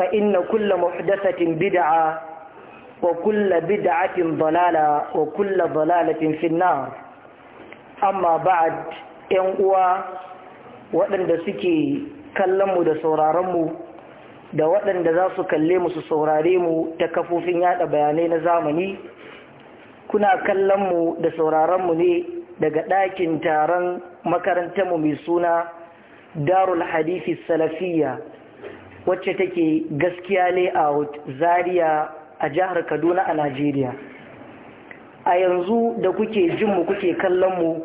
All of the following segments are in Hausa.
فإن كل محدثة بدعة وكل بدعة ضلالة وكل ضلالة في النار أما بعد ينقوى waɗanda suke kallonmu da sauraronmu da waɗanda za su kalle mu su saurare mu ta kafofin yada bayanai na zamani kuna mu da sauraron mu ne daga ɗakin taron makarantar mu mai suna darul hadisi salafiyya wacce take gaskiya layout zaria a jihar kaduna a najeriya a yanzu da kuke jinmu kuke kallonmu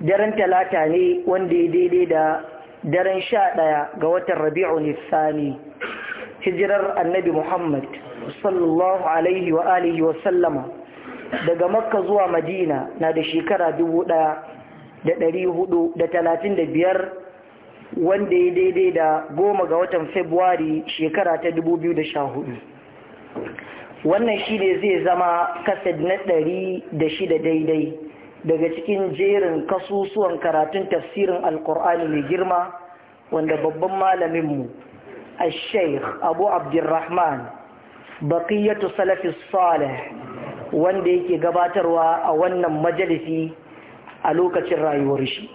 daren talata ne wanda ya daidai da daren sha daya ga watan rabi'u nisani hijirar annabi muhammad sallallahu alaihi wa alihi wa sallama daga makka zuwa madina na da shekara dubu daya da ɗari hudu da talatin da biyar wanda ya daidai da goma ga watan februari shekara ta 2014 wannan shi ne zai zama kasad na ɗari da shida daidai daga cikin jerin kasusuwan karatun tafsirin alkur'ani mai girma wanda babban malaminmu a sheikh abu abdurrahman Bakiyyatu salafis salih wanda yake gabatarwa a wannan majalisi a lokacin rayuwar shi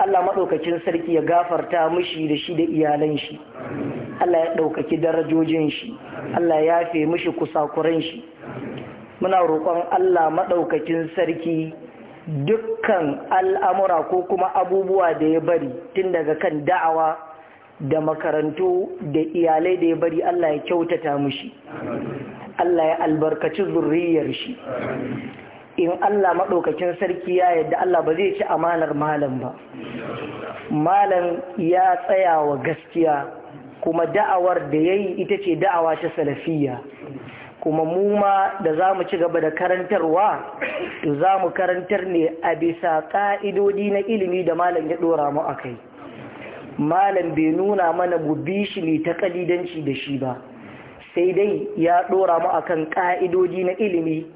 Allah maɗaukacin sarki ya gafarta mishi da shi da iyalan shi Allah ya ɗaukaki darajojin shi Allah ya yafe mishi kusakuran shi muna roƙon Allah maɗaukacin sarki dukkan al'amura ko kuma abubuwa da ya bari tun daga kan da'awa da makarantu da iyalai da ya bari Allah ya kyautata mushi Allah ya albarkaci zurriyar shi in Allah maɗaukakin sarki ya yadda Allah ba zai ci amanar malam ba malam ya tsaya wa gaskiya kuma da'awar da ya yi ita ce da'awa ta salafiya kuma mu ma da za mu ci gaba da karantarwa to za mu karantar ne a bisa ƙa'idodi na ilimi da malam ya ɗora mu a kai malam bai nuna mana mu shi ne ta ƙalidanci da shi ba sai dai ya ɗora mu a kan ƙa'idodi na ilimi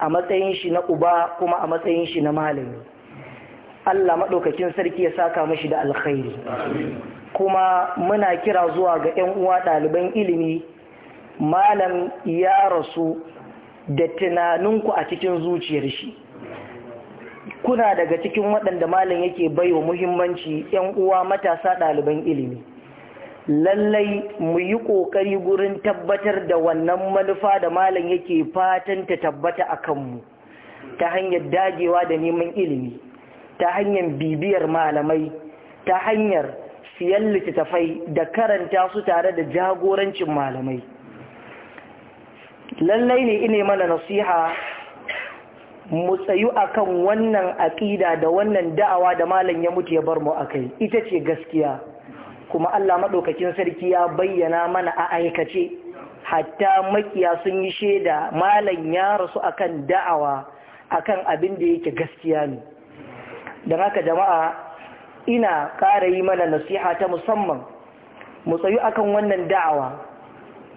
a matsayin shi na uba kuma a matsayin shi na malami Allah maɗaukakin sarki ya saka mashi da alkhairi kuma muna kira zuwa ga 'yan uwa ɗaliban ilimi malam ya rasu da tunaninku a cikin zuciyar shi kuna daga cikin waɗanda malam yake baiwa muhimmanci 'yan uwa matasa ɗaliban ilimi lallai mu yi ƙoƙari gurin tabbatar da wannan manufa da malam yake fatan ta tabbata a kanmu ta hanyar dagewa da neman ilimi ta hanyar bibiyar malamai ta hanyar siyan littattafai da karanta su tare da jagorancin malamai lallai ne ine mana nasiha mu tsayu a kan wannan aƙida da wannan da'awa da malam ya mutu ya bar mu a kai, ita ce gaskiya kuma Allah maɗaukakin sarki ya bayyana mana a aikace hatta makiya sun yi shaida malam ya rasu akan da'awa akan abin da yake gaskiya ne don haka jama'a ina ƙara yi mana nasiha ta musamman mu tsayu akan wannan da'awa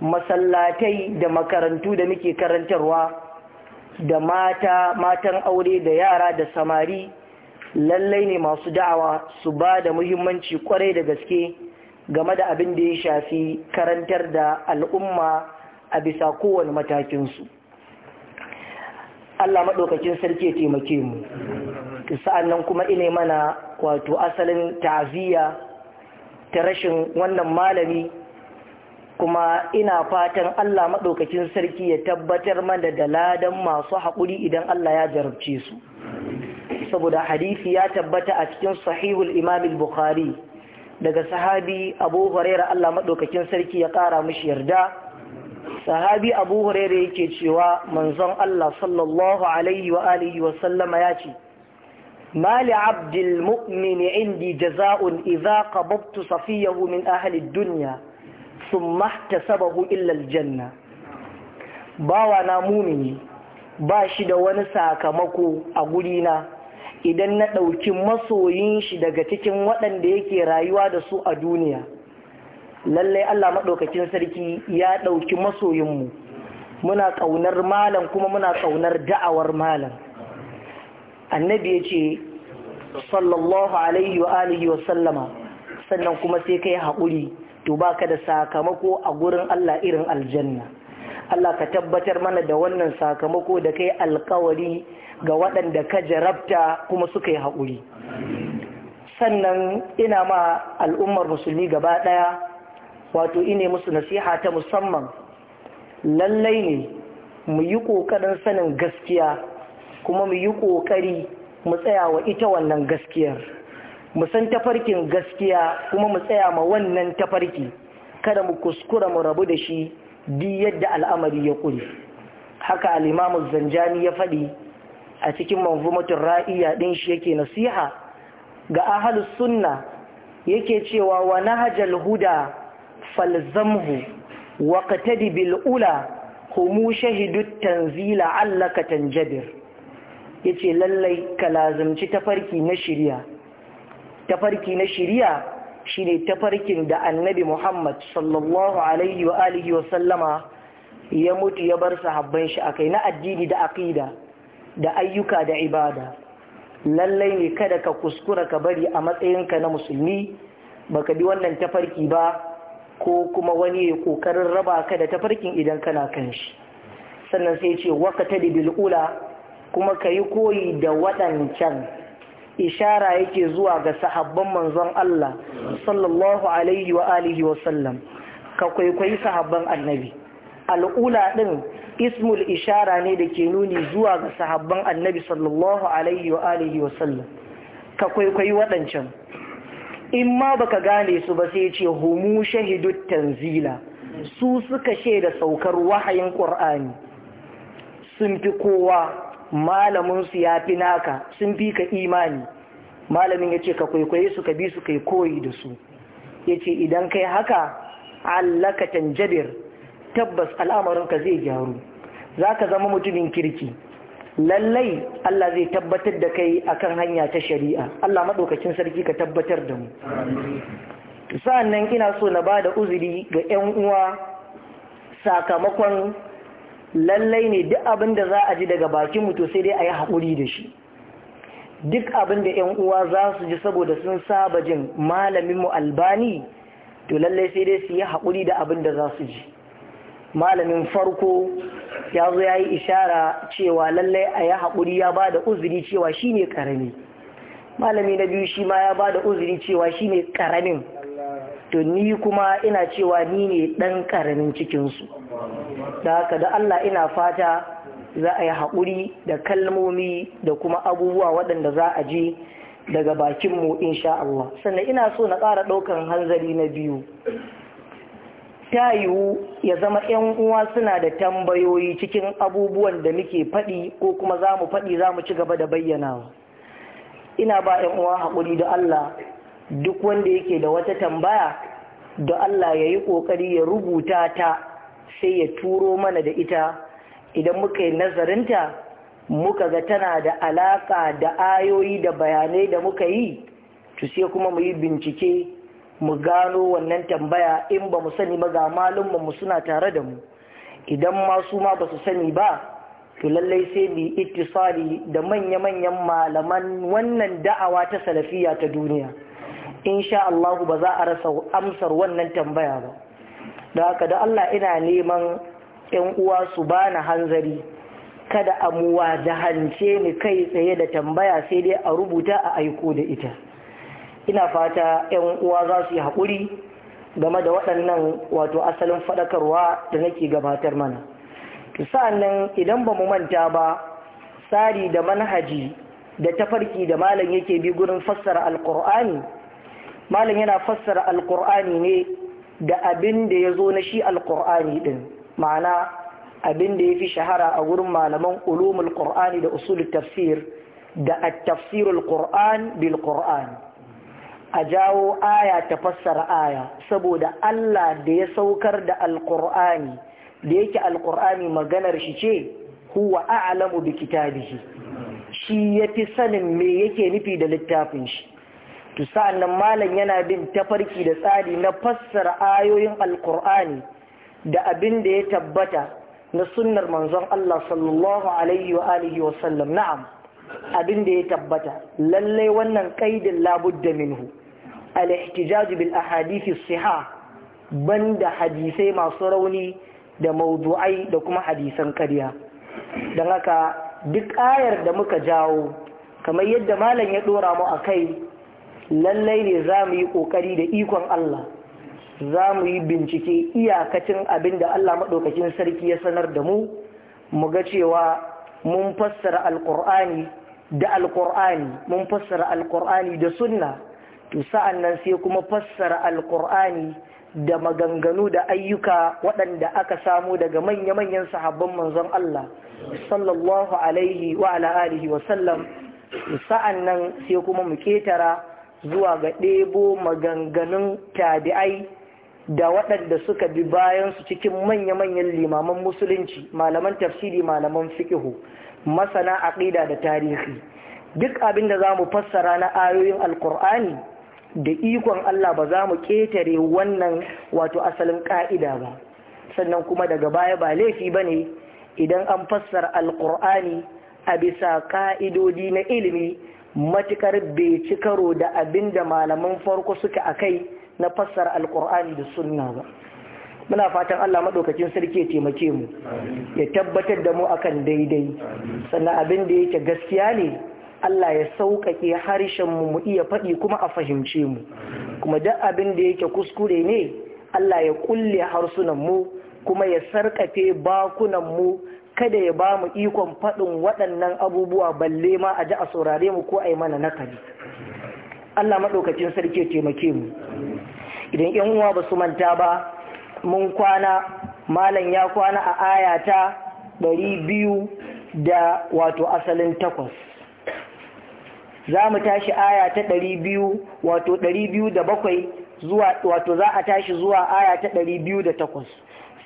masallatai da makarantu da muke karantarwa da mata matan aure da yara da samari lallai ne masu da'awa su ba da muhimmanci kwarai da gaske game da abin da ya shafi karantar da al'umma a bisa kowane matakinsu Allah maɗaukacin sarki ya taimake mu sa'an nan kuma ina mana wato asalin ta'aziyya ta rashin wannan malami kuma ina fatan Allah maɗaukakin sarki ya tabbatar mana da ladan masu haƙuri idan Allah ya jarabce su saboda hadisi ya tabbata a cikin sahihul imam bukhari daga sahabi abu huraira Allah maɗaukakin sarki ya ƙara mushi yarda sahabi abu huraira yake cewa manzon Allah sallallahu alaihi wa alihi wa sallama ya ce mali abdul mu'min indi jaza'un idza qababtu safiyahu min ahli dunya thumma ihtasabahu illa janna. bawa na mumini ba shi da wani sakamako a gurina idan na ɗauki masoyin shi daga cikin waɗanda yake rayuwa da su a duniya lallai Allah maɗaukakin sarki ya ɗauki masoyinmu muna ƙaunar malam kuma muna ƙaunar da'awar malam annabi ya ce sallallahu alaihi wa alihi wa sallama sannan kuma sai kai haƙuri to baka da sakamako a gurin Allah irin aljanna Allah ka tabbatar mana da wannan sakamako da kai alkawari ga waɗanda ka jarabta kuma suka yi haƙuri sannan ina ma al'ummar musulmi gaba ɗaya wato ine musu nasiha ta musamman lallai ne mu yi ƙoƙarin sanin gaskiya kuma mu yi ƙoƙari mu tsaya wa ita wannan gaskiyar mu san tafarkin gaskiya kuma mu tsaya ma wannan tafarki kada mu kuskura mu rabu da shi duk yadda al'amari ya ƙuri haka al'imamu zanjani ya faɗi a cikin manzumatun ra'iya ɗin shi yake nasiha ga ahalus sunna yake cewa wa nahajal huda falzamhu wa qatadi bil ula humu shahidu tanzila allaka tanjabir yace lallai ka lazimci tafarki na tafarki na shiriya shine tafarkin da annabi Muhammad sallallahu alaihi wa alihi wa sallama ya mutu ya bar sahabban shi akai na addini da aqida da ayyuka da ibada lallai ne kada ka kuskura ka bari a matsayinka na musulmi baka bi wannan tafarki ba ko kuma wani ya kokarin raba ka da tafarkin idan kana kan shi sannan sai ce ka bil bil'ula, kuma kayi koyi da waɗancan ishara yake zuwa ga sahabban manzon Allah sallallahu alaihi wa alihi wa sallam ka kwaikwayi sahabban annabi al'ula din ismul ishara ne da ke nuni zuwa ga sahabban annabi sallallahu alaihi wa alihi wa sallam ka kwaikwayi waɗancan in ma baka gane su ba sai ce humu shahidu tanzila su suka shaida saukar wahayin Ƙur'ani. sun fi kowa malaminsu ya fi naka sun fi ka imani malamin ya ce ka kwaikwaye su ka bi su kai koyi da su ya ce idan kai haka allakatan jabir tabbas al'amarinka zai gyaru za ka zama mutumin kirki lallai Allah zai tabbatar da kai akan hanya ta shari'a Allah maɗaukacin sarki ka tabbatar da mu nan ina so na ba da uzuri ga 'yan uwa sakamakon lallai ne duk abin da za a ji daga bakin mu sai dai a yi haƙuri da shi duk abin da ‘yan uwa za su ji saboda sun saba jin malaminmu albani to lallai sai dai su yi haƙuri da abin da za su ji malamin farko ya zo ya yi ishara cewa lallai a yi haƙuri ya ba da uzuri cewa shi ne ƙarami malami na biyu shi ma ya ba da uzuri cewa shi ne ƙaramin to ni kuma ina cewa ni ne ɗan ƙaramin cikinsu da haka da Allah ina fata za a yi haƙuri da kalmomi da kuma abubuwa waɗanda za a ji daga bakinmu insha Allah sannan ina so na ƙara ɗaukan hanzari na biyu ta yiwu ya zama 'yan uwa suna da tambayoyi cikin abubuwan da muke faɗi ko kuma za mu faɗi za mu ci gaba da bayyanawa ina ba 'yan uwa haƙuri da Allah duk wanda yake da wata tambaya da Allah ya yi ƙoƙari ya rubuta ta sai ya turo mana da ita idan muka yi nazarinta muka ga tana da alaka da ayoyi da bayanai da muka yi to sai kuma mu yi bincike mu gano wannan tambaya in ba mu sani ba ga mu suna tare da mu idan masu ma ba su sani ba to lallai sai mu yi ittisali da manya-manyan malaman wannan da'awa ta salafiya ta duniya sha Allah ba za a rasa amsar wannan tambaya ba da haka da Allah ina neman ‘yan uwa su bani hanzari kada a jahance ni kai tsaye da tambaya sai dai a rubuta a aiko da ita ina fata ‘yan uwa za su yi haƙuri game da waɗannan wato asalin faɗakarwa da nake gabatar mana sa'annan idan ba mu manta ba tsari da manhaji da tafarki da malam yake bi gurin fassara alƙur'ani malam yana fassara alƙur'ani ne da abin da ya zo na shi alƙur'ani ɗin ma'ana abin da ya fi shahara a wurin malaman ulumul ƙur'ani da usul tafsir da a tafsirul ƙur'an bil ƙur'an a jawo aya ta fassara aya saboda Allah da ya saukar da alƙur'ani da yake alƙur'ani maganar shi ce huwa a'lamu bi kitabihi shi ya fi sanin me yake nufi da littafin shi to sa'annan malam yana bin tafarki da tsari na fassara ayoyin alkur'ani da abin da ya tabbata na sunnar manzon Allah sallallahu alaihi wa alihi wa sallam na'am abin da ya tabbata lalle wannan kaidin labudda minhu al-ihtijaj bil ahadith as-sihah banda hadisai masu rauni da mawdu'ai da kuma hadisan ƙarya Da haka duk ayar da muka jawo kamar yadda malam ya dora mu akai lallai ne za mu yi ƙoƙari da ikon Allah za mu yi bincike iyakacin abin da Allah maɗaukacin sarki ya sanar da mu mu ga cewa mun fassara alƙur'ani da alƙur'ani mun fassara alƙur'ani da sunna to sa'an nan sai kuma fassara alƙur'ani da maganganu da ayyuka waɗanda aka samu daga manya-manyan sahabban manzon Allah sallallahu alaihi wa ala alihi wa sallam sa'an nan sai kuma mu ketara zuwa ga ɗebo maganganun tabi'ai da waɗanda suka bi bayansu cikin manya-manyan limaman musulunci malaman tafsiri malaman fiƙihu masana aƙida da tarihi duk abin da za mu fassara na ayoyin alkur'ani da ikon Allah ba za mu ƙetare wannan wato asalin ƙa'ida ba sannan kuma daga baya ba laifi ba ne idan an fassara alkur'ani a bisa ƙa'idodi na ilimi matukar bai ci karo da abin da malaman farko suka akai na fassar alkur'ani da sunna ba muna fatan Allah maɗaukacin sarki ya taimake mu ya tabbatar da mu akan daidai sannan abin da yake gaskiya ne Allah ya sauƙaƙe harshen mu mu iya faɗi kuma a fahimce mu kuma duk abin da yake kuskure ne Allah ya kulle harsunan mu kuma ya sarƙafe bakunan mu kada ya ba mu ikon faɗin waɗannan abubuwa balle ma a ji a saurare mu ko a yi mana nakali Allah maɗaukacin sarki taimake mu idan yan uwa ba su manta ba mun kwana malam ya kwana a ayata ɗari biyu da wato asalin takwas za mu tashi aya ta ɗari biyu wato ɗari biyu da bakwai zuwa wato za a tashi zuwa aya ta ɗari biyu da takwas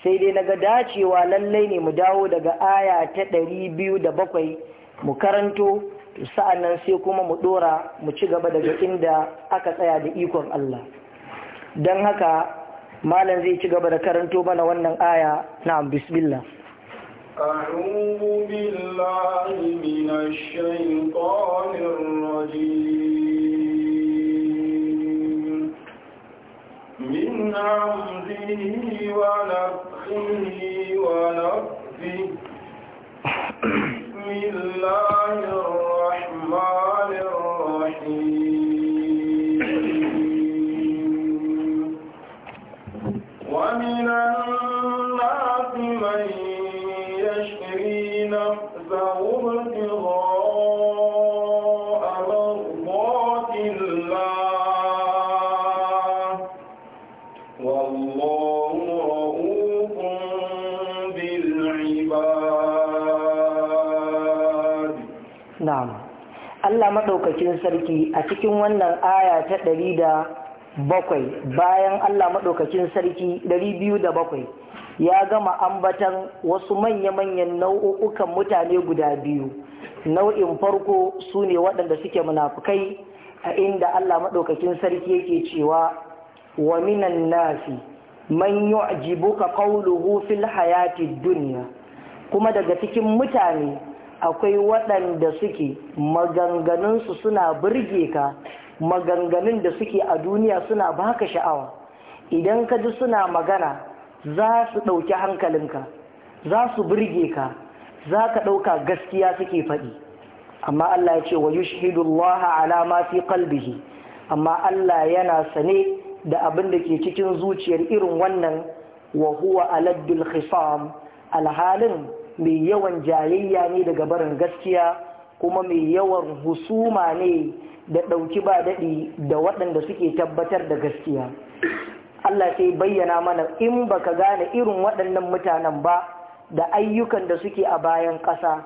sai dai naga dacewa lallai ne mu dawo daga aya ta ɗari biyu da bakwai mu karanto sa'an nan sai kuma mu ɗora mu ci gaba daga inda aka tsaya da ikon Allah don haka malam zai ci gaba da karanto mana wannan aya na bismillah أعوذ بالله من الشيطان الرجيم من عمزه ونفخه ونفخه بسم الله الرحمن الرحيم maɗaukakin sarki a cikin wannan aya ta ɗari da bakwai bayan Allah maɗaukakin sarki ɗari biyu da bakwai ya gama ambatan wasu manya-manyan nau'ukan mutane guda biyu nau'in farko su ne waɗanda suke munafukai a inda Allah maɗaukakin sarki yake cewa wa minan nasi man yu'jibuka qawluhu fil hayati dunya kuma daga cikin mutane akwai waɗanda suke maganganunsu suna birge ka maganganun da suke a duniya suna baka sha'awa idan ka ji suna magana za su ɗauki hankalinka za su burge ka za ka ɗauka gaskiya suke faɗi amma Allah ya ce wa yushhidullaha ala ma fi qalbihi amma Allah yana sane da abin da ke cikin zuciyar irin wannan wa huwa aladdul khisam alhalin mai yawan jayayya ne daga barin gaskiya kuma mai yawan husuma ne da ɗauki ba daɗi da waɗanda suke tabbatar da gaskiya Allah sai bayyana mana in baka gane irin waɗannan mutanen ba da ayyukan da suke a bayan ƙasa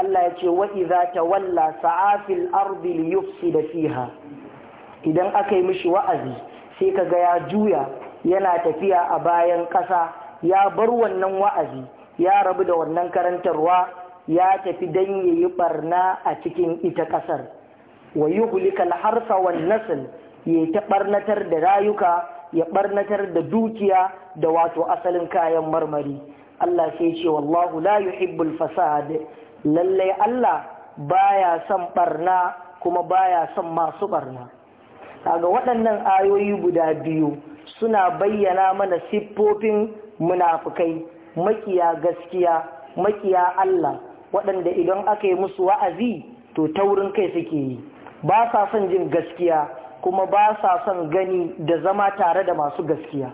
Allah ya ce wa'iza ta walla sa'afil ardi yufsi da fiha idan aka yi mishi wa'azi sai ka ga ya juya yana tafiya a bayan ƙasa ya bar wannan wa'azi ya rabu da wannan karantarwa ya tafi dan yi barna a cikin ita ƙasar. wa yi hulikal harsa wan nasl ya ta ɓarnatar da rayuka ya ɓarnatar da dukiya da wato asalin kayan marmari Allah sai ce wallahu la yuhibbul fasad Lallai Allah baya son ɓarna kuma baya son masu barna kaga waɗannan ayoyi guda biyu suna bayyana mana siffofin munafukai makiya gaskiya makiya Allah waɗanda idan aka yi musu wa'azi to taurin kai suke yi ba sa son jin gaskiya kuma ba sa son gani da zama tare da masu gaskiya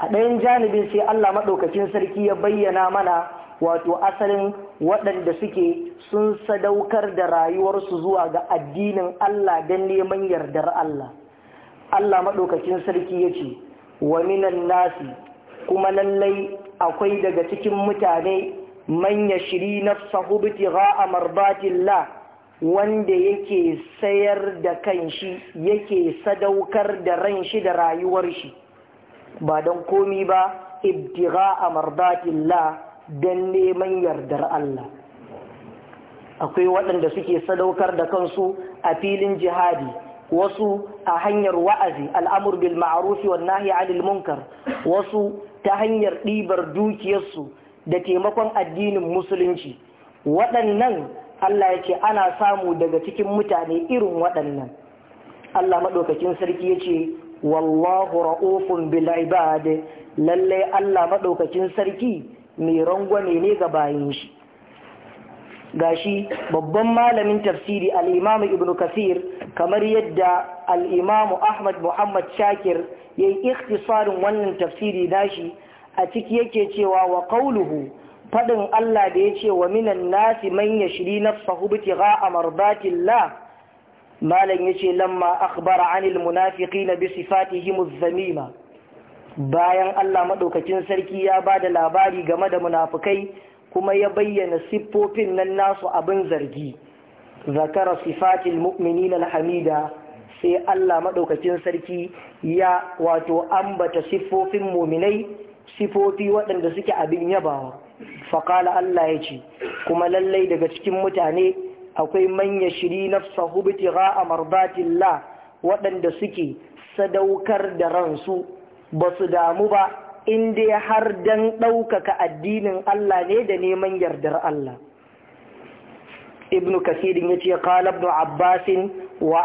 a ɗayan janibin sai Allah maɗaukacin sarki ya bayyana mana wato asalin waɗanda suke sun sadaukar da rayuwarsu zuwa ga addinin Allah don neman yardar Allah Allah maɗaukacin sarki ya ce wa minan nasi kuma lallai akwai daga cikin mutane manya shiri na nafsahu bitigha'a mardatillah wanda yake sayar da kanshi yake sadaukar da ran shi da rayuwar shi ba don komi ba ibtigha'a mardatillah dan neman yardar Allah akwai waɗanda suke sadaukar da kansu a filin jihadi wasu a hanyar wa'azi al'amur bil ma'arufi wa nahi anil munkar wasu ta hanyar ɗibar dukiyarsu da taimakon addinin musulunci waɗannan Allah ya ce ana samu daga cikin mutane irin waɗannan Allah maɗaukakin sarki ya ce wallahu ra'ufun bil ibad lallai Allah maɗaukakin sarki mai rangwame ne ga bayan shi gashi babban malamin tafsiri al'imamu ibn kasir kamar yadda al'imamu ahmad muhammad shakir ya yi ikhtisarin wannan tafsiri nashi a ciki yake cewa wa ƙauluhu faɗin Allah da ya ce wa minan nasi manya ya shiri na sahubti ga a malam ya ce lamma akhbara anil munafiki na bisifatihim zamima bayan Allah maɗaukacin sarki ya ba da labari game da munafukai kuma ya bayyana siffofin nan nasu abin zargi zakara sifatil na hamida sai Allah Maɗaukacin sarki ya wato ambata siffofin muminai siffofi waɗanda suke abin yabawa faƙala Allah ya ce kuma lallai daga cikin mutane akwai manya shiri na sahubiti ra'a marbatillah waɗanda suke sadaukar da ransu ba su damu ba in dai har dan ɗaukaka addinin Allah ne da neman yardar Allah ibn kasirin ya ce "Kala ibn abbas wa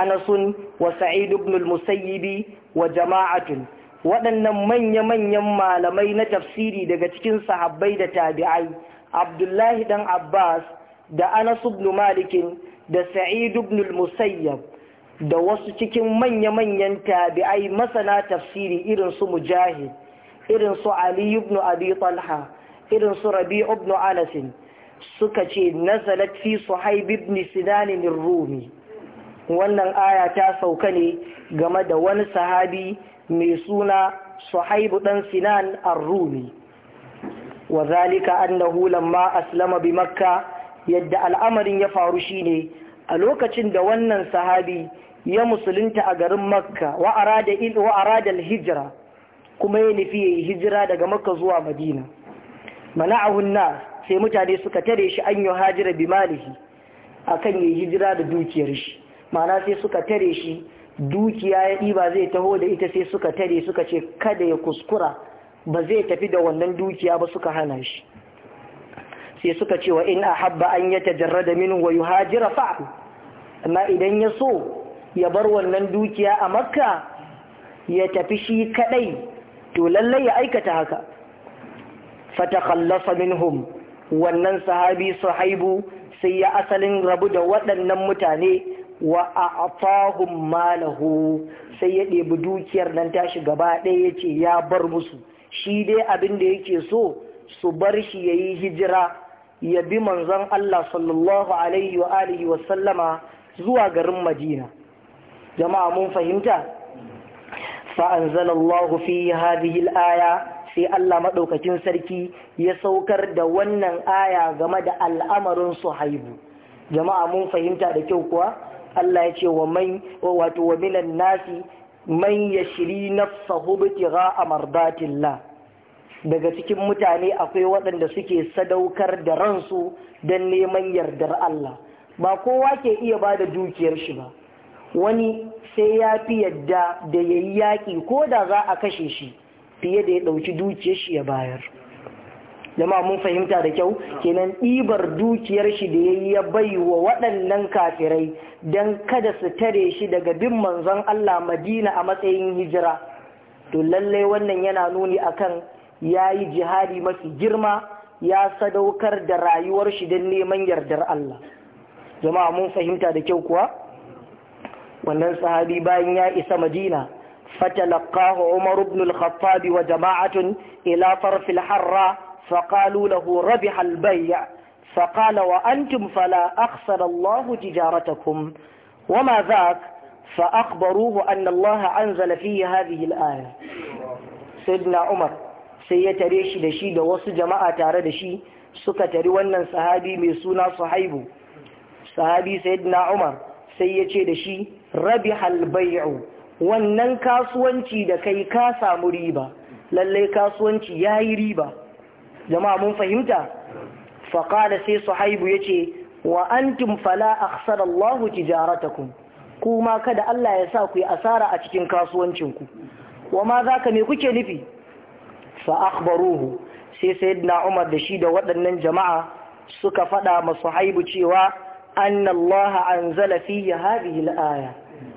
Anasun wa wa sa'id ibn Musayyibi wa jama'atun waɗannan manya-manyan malamai na tafsiri daga cikin sahabbai da tabi'ai abdullahi ɗan abbas da anas ibn malik da sa'id ibn da wasu cikin manya-manyan tabi'ai masana tafsiri irin su mujahid irin su ali ibn abi talha irin su rabi ibn anas suka ce nazalat fi suhayb ibn sinan rumi wannan aya ta sauka ne game da wani sahabi mai suna suhayb dan sinan ar-rumi wa zalika annahu lamma aslama bi makka yadda al'amarin ya faru shine a lokacin da wannan sahabi ya musulunta a garin makka wa arada hijira kuma ya nufi ya yi hijira daga makka zuwa madina mana'ahun na sai mutane suka tare shi an yi hajira bi malihi akan yi hijira da dukiyar shi ma'ana sai suka tare shi dukiya ya ɗiba zai taho da ita sai suka tare suka ce kada ya kuskura ba zai tafi da wannan dukiya ba suka hana shi sai suka ce wa in ahabba an yatajarrada minhu wa hajira fa'al amma idan ya so ya bar wannan dukiya a makka ya tafi shi kadai to lallai ya aikata haka fatakhallasa minhum wannan sahabi su haibu sai ya asalin rabu da waɗannan mutane wa a'tahum malahu sai ya ɗebi dukiyar nan tashi gaba ɗaya ce ya bar musu shi dai abin da yake so su bar shi ya yi hijira Ya bi manzon Allah sallallahu zuwa garin Madina jama'a mun fahimta fa anzalallahu fi hadhihi al-aya sai Allah maɗaukacin sarki ya saukar da wannan aya game da al'amarin Suhaibu jama'a mun fahimta da kyau kuwa Allah ya ce wa man minan nasi man yashri nafsahu bi tigha amardatillah daga cikin mutane akwai waɗanda suke sadaukar da ransu don neman yardar Allah ba kowa ke iya ba da dukiyar shi ba wani sai ya fi yadda da ya yi yaƙi ko da za a kashe shi fiye da ya ɗauki dukiyar shi ya bayar jama'a mun fahimta da kyau kenan ɗibar dukiyar shi da ya yi ya bai wa waɗannan kafirai don kada su tare shi daga bin manzon Allah madina a matsayin hijira to lallai wannan yana nuni akan ya yi jihadi mafi girma ya sadaukar da rayuwar shi don neman yardar Allah jama'a mun fahimta da kyau kuwa wannan sahabi bayan ya isa madina fatalaqahu umar ibn al-khattab wa jama'atun ila farf al-harra faqalu lahu rabiha al-bay' فقال وأنتم فلا أخسر الله تجارتكم Fa ذاك فأخبروه أن الله أنزل فيه هذه الآية سيدنا Umar. sai ya tare shi da shi da wasu jama'a tare da shi suka tari wannan sahabi mai suna suhaibu sahabi sayyidina umar sai ya ce da shi rabi halbai'u wannan kasuwanci da kai ka samu riba lallai kasuwanci ya yi riba jama'a mun fahimta faƙada sai suhaibu ya ce wa an tumfala aksarallahu tijaratakum kuma kada Allah ya sa ku yi asara a cikin kasuwancinku wa ma za ka me kuke nufi Fa'akbaruhu sai sayyidina Umar da shi da waɗannan jama'a suka faɗa masu haibu cewa annallaha anzala fihi hadhihi al-aya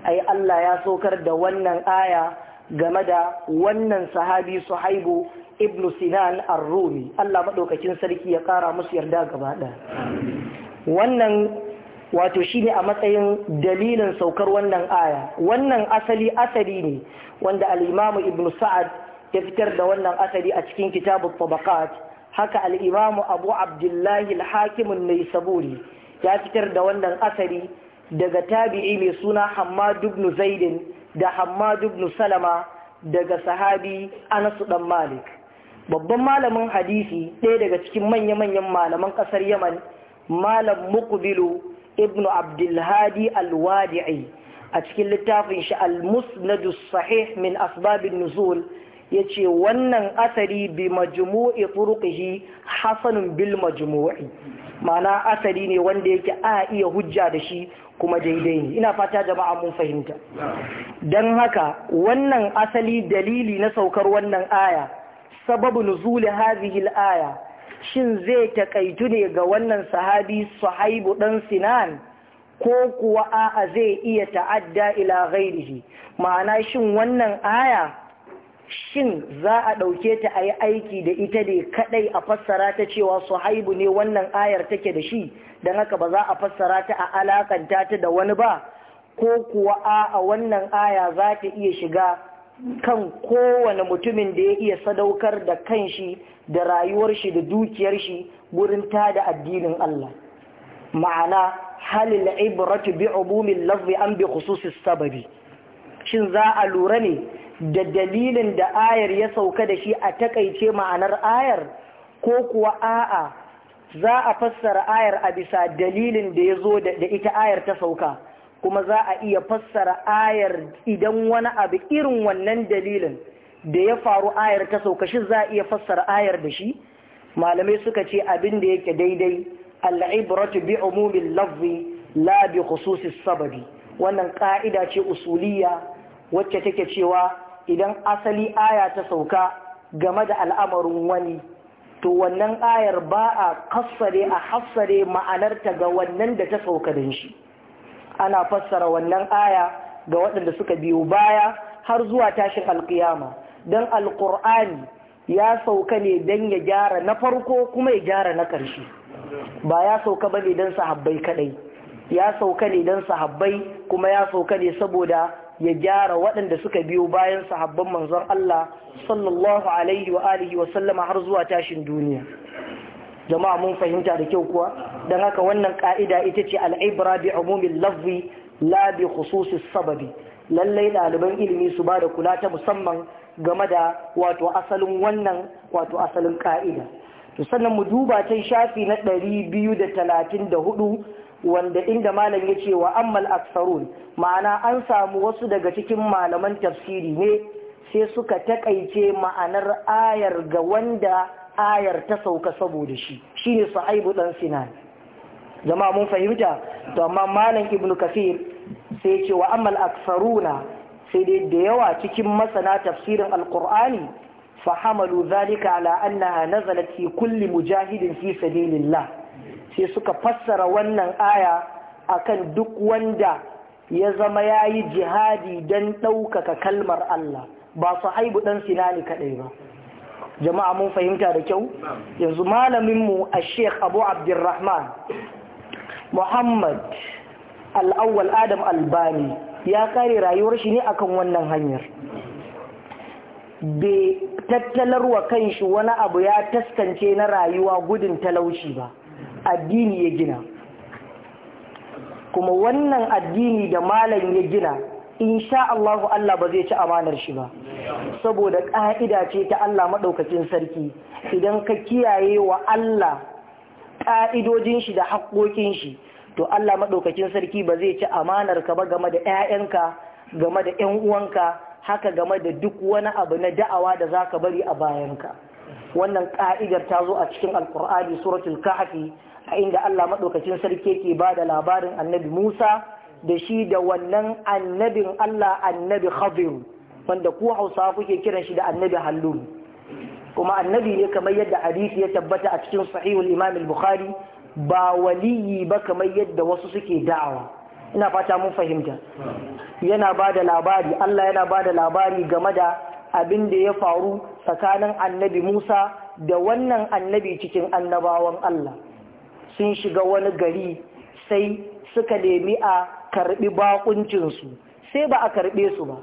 ai Allah ya saukar da wannan aya game da wannan sahabi Suhaibu ibn Sinan ar-Rumi Allah madaukakin sarki ya kara musu yarda gaba wannan wato shine a matsayin dalilin saukar wannan aya wannan asali asali ne wanda al imamu Ibn Sa'ad ya fitar da wannan asali a cikin kitabun tabakat haka al-imamu abu abdullahi al mai an-naisaburi ya fitar da wannan asali daga tabi'i mai suna Hamadu ibn zaidin da Hamadu ibn salama daga sahabi Anasu dan malik babban malamin hadisi ɗaya daga cikin manya-manyan malaman ƙasar yaman malam mukubilu ibn abdulhadi al-wadi'i a cikin littafin sha'al musnadu sahih min asbabin nuzul yace wannan asari bi majmu'i turuqihi hasanun bil majmu'i ma'ana asali ne wanda yake a iya hujja da shi kuma daidai ne ina fata jama'a mun fahimta dan haka wannan asali dalili na saukar wannan aya sababu nuzuli hadhihi al-aya shin zai takaitu ne ga wannan sahabi Suhaibu dan Sinan ko kuwa a'a zai iya ta'adda ila ghairihi ma'ana shin wannan aya shin za a ɗauke ta a yi aiki da ita ne kaɗai a fassara ta cewa suhaibu ne wannan ayar take da shi don haka ba za a fassara ta a alakanta ta da wani ba ko kuwa a wannan aya za ta iya shiga kan kowane mutumin da ya iya sadaukar da kanshi da rayuwar shi da dukiyar shi gurin ta da addinin Allah ma'ana halin ibratu bi umumin lafi an bi khususis sababi shin za a lura ne da dalilin da ayar ya sauka da shi a takaice ma'anar ayar ko kuwa a'a za a fassara ayar a bisa dalilin da ya zo da ita ayar ta sauka kuma za a iya fassara ayar idan wani abu irin wannan dalilin da ya faru ayar ta sauka shi za a iya fassara ayar da shi malamai suka ce abin da yake daidai al'ibratu bi umumin lafzi la bi khususis sababi wannan ka'ida ce usuliya wacce take cewa idan asali aya ta sauka game da al'amarin wani to wannan ayar ba a kassare a hassare ma'anarta ga wannan da ta sauka da shi ana fassara wannan aya ga waɗanda suka biyo baya har zuwa tashin alkiyama don alkur'ani ya sauka ne don ya gyara na farko kuma ya gyara na ƙarshe ba ya sauka ba ne don sahabbai kaɗai ya sauka ne don sahabbai kuma ya sauka ne saboda ya gyara waɗanda suka biyo bayan sahabban manzon Allah sallallahu alaihi wa alihi wa sallama har zuwa tashin duniya jama'a mun fahimta da kyau kuwa don haka wannan ka'ida ita ce al'ibra bi umumin lafzi la bi khususis sababi lallai ɗaliban ilimi su ba da kula ta musamman game da wato asalin wannan wato asalin ka'ida to sannan mu duba ta shafi na ɗari biyu da talatin da hudu wanda inda malam ya ce wa ammal aksarun ma'ana an samu wasu daga cikin malaman tafsiri ne sai suka takaice ma'anar ayar ga wanda ayar ta sauka saboda shi shine sahibu dan sinan Zama mun fahimta to amma malam ibnu kafir sai ce wa ammal aksaruna sai dai da yawa cikin masana tafsirin alqur'ani fahamalu zalika ala annaha nazalat fi kulli mujahidin fi sabilillah sai suka fassara wannan aya akan duk wanda ya zama ya yi jihadi don ɗaukaka kalmar Allah ba su haibu ɗan sinani kaɗai ba jama'a mun fahimta da kyau yanzu malaminmu a sheikh abu abdurrahman muhammad al'awwal adam albani ya kare rayuwar shi ne akan wannan hanyar bai tattalarwa kanshi wani abu ya taskance na rayuwa gudun talauci ba addini ya gina kuma wannan addini da malam ya gina insha Allah Allah ba zai ci amanar shi ba saboda ƙa'ida ce ta Allah maɗaukacin sarki idan ka kiyaye wa Allah ƙa'idojin shi da haƙoƙin shi to Allah maɗaukacin sarki ba zai ci amanar ka ba game da 'ya'yanka game da 'yan uwanka haka game da duk wani abu na da'awa da za ka bari a bayanka wannan ƙa'idar ta zo a cikin alkur'ani suratul kahfi a inda Allah maɗaukacin sarki ke ba da labarin annabi Musa da shi da wannan annabin Allah annabi Khadir wanda ku Hausa kuke kiran shi da annabi Halluru kuma annabi ne kamar yadda hadisi ya tabbata a cikin sahihul Imam al-Bukhari ba waliyi ba kamar yadda wasu suke da'awa ina fata mun fahimta yana ba da labari Allah yana ba da labari game da abin da ya faru tsakanin annabi Musa da wannan annabi cikin annabawan Allah sun shiga wani gari sai suka nemi a karbi bakuncinsu sai ba a karbe su ba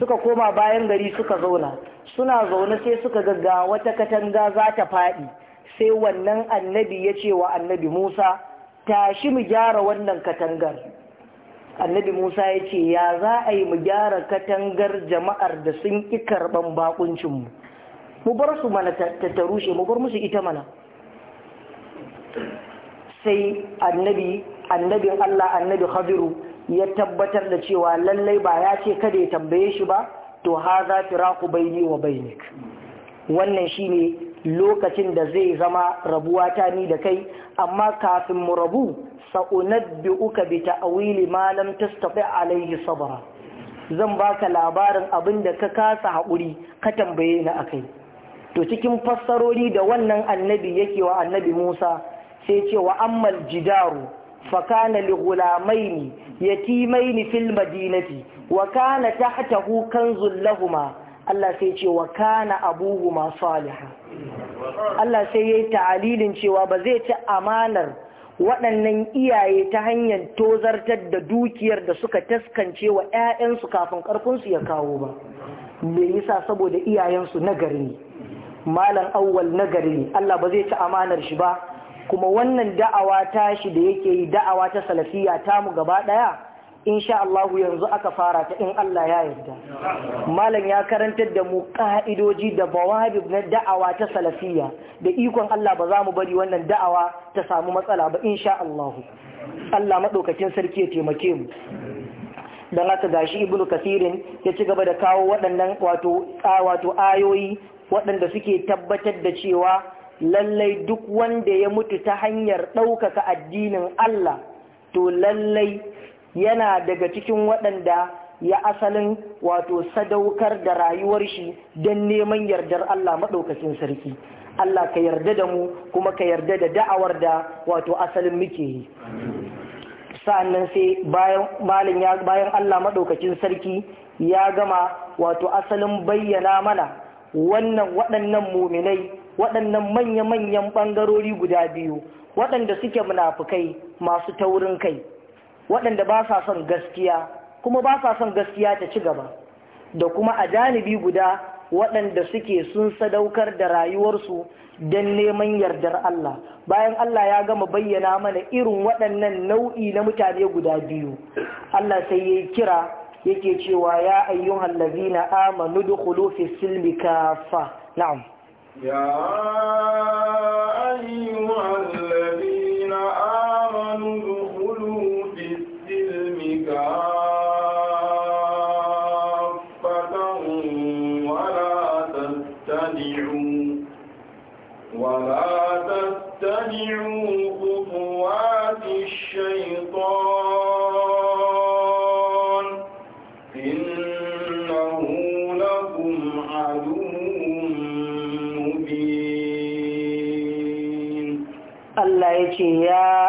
suka koma bayan gari suka zauna suna zaune sai suka gaga wata katanga za ta faɗi sai wannan annabi ya ce wa annabi musa tashi mu gyara wannan katangar annabi musa ya ce ya za a yi mu gyara katangar jama'ar da sun ƙi karɓan bakuncinmu mu bar su mana ta rushe mu bar musu ita mana sai annabi annabin Allah annabi Khadiru ya tabbatar da cewa lallai ba ya ce kada ya tambaye shi ba to haza firaku baini wa bainik wannan shine lokacin da zai zama rabuwa ta ni da kai amma kafin mu rabu sa'unabbi'uka bi ta'wili ma lam tastati alayhi sabra zan baka labarin abin da ka kasa haƙuri ka tambaye ni akai to cikin fassarori da wannan annabi yake wa annabi Musa sai ce wa ammal jidaru fa kana li ghulamaini yatimaini fil madinati wa kana tahtahu kanzul lahumā Allah sai ce wa kana abuhuma salih Allah sai yayi ta'alilin cewa ba zai ci amanar waɗannan iyaye ta hanyar tozartar da dukiyar da suka taskance wa 'ya'yansu kafin ƙarfinsu ya kawo ba me yasa saboda iyayensu nagari ne malam awwal nagari ne Allah ba zai ci amanar shi ba kuma wannan da'awa ta shi da yake yi da'awa ta salafiya ta mu gaba daya insha Allah yanzu aka fara ta in Allah ya yarda malam ya karantar da mu ka'idoji da bawabi na da'awa ta salafiya da ikon Allah ba za mu bari wannan da'awa ta samu matsala ba insha Allah Allah madaukakin sarki ya taimake mu dan haka gashi ibnu kasirin ya ci gaba da kawo waɗannan wato wato ayoyi waɗanda suke tabbatar da cewa lallai duk wanda ya mutu ta hanyar ɗaukaka addinin Allah to lallai yana daga cikin waɗanda ya asalin wato sadaukar da rayuwar shi don neman yardar Allah maɗaukacin sarki Allah ka yarda da mu kuma ka yarda da da'awar da wato asalin muke yi sa'annan sai bayan bayan Allah maɗaukacin sarki ya gama wato asalin bayyana mana wannan waɗannan muminai waɗannan manya-manyan ɓangarori guda biyu waɗanda suke munafukai masu taurin kai waɗanda ba sa son gaskiya kuma ba sa son gaskiya ta ci gaba da kuma a janibi guda waɗanda suke sun sadaukar da rayuwarsu don neman yardar Allah bayan Allah ya gama bayyana mana irin waɗannan nau'i na mutane guda biyu Allah sai ya kira yake cewa ya ayyuhallazina amanu dukhulu fi silmi kafa na'am يا أيها الذين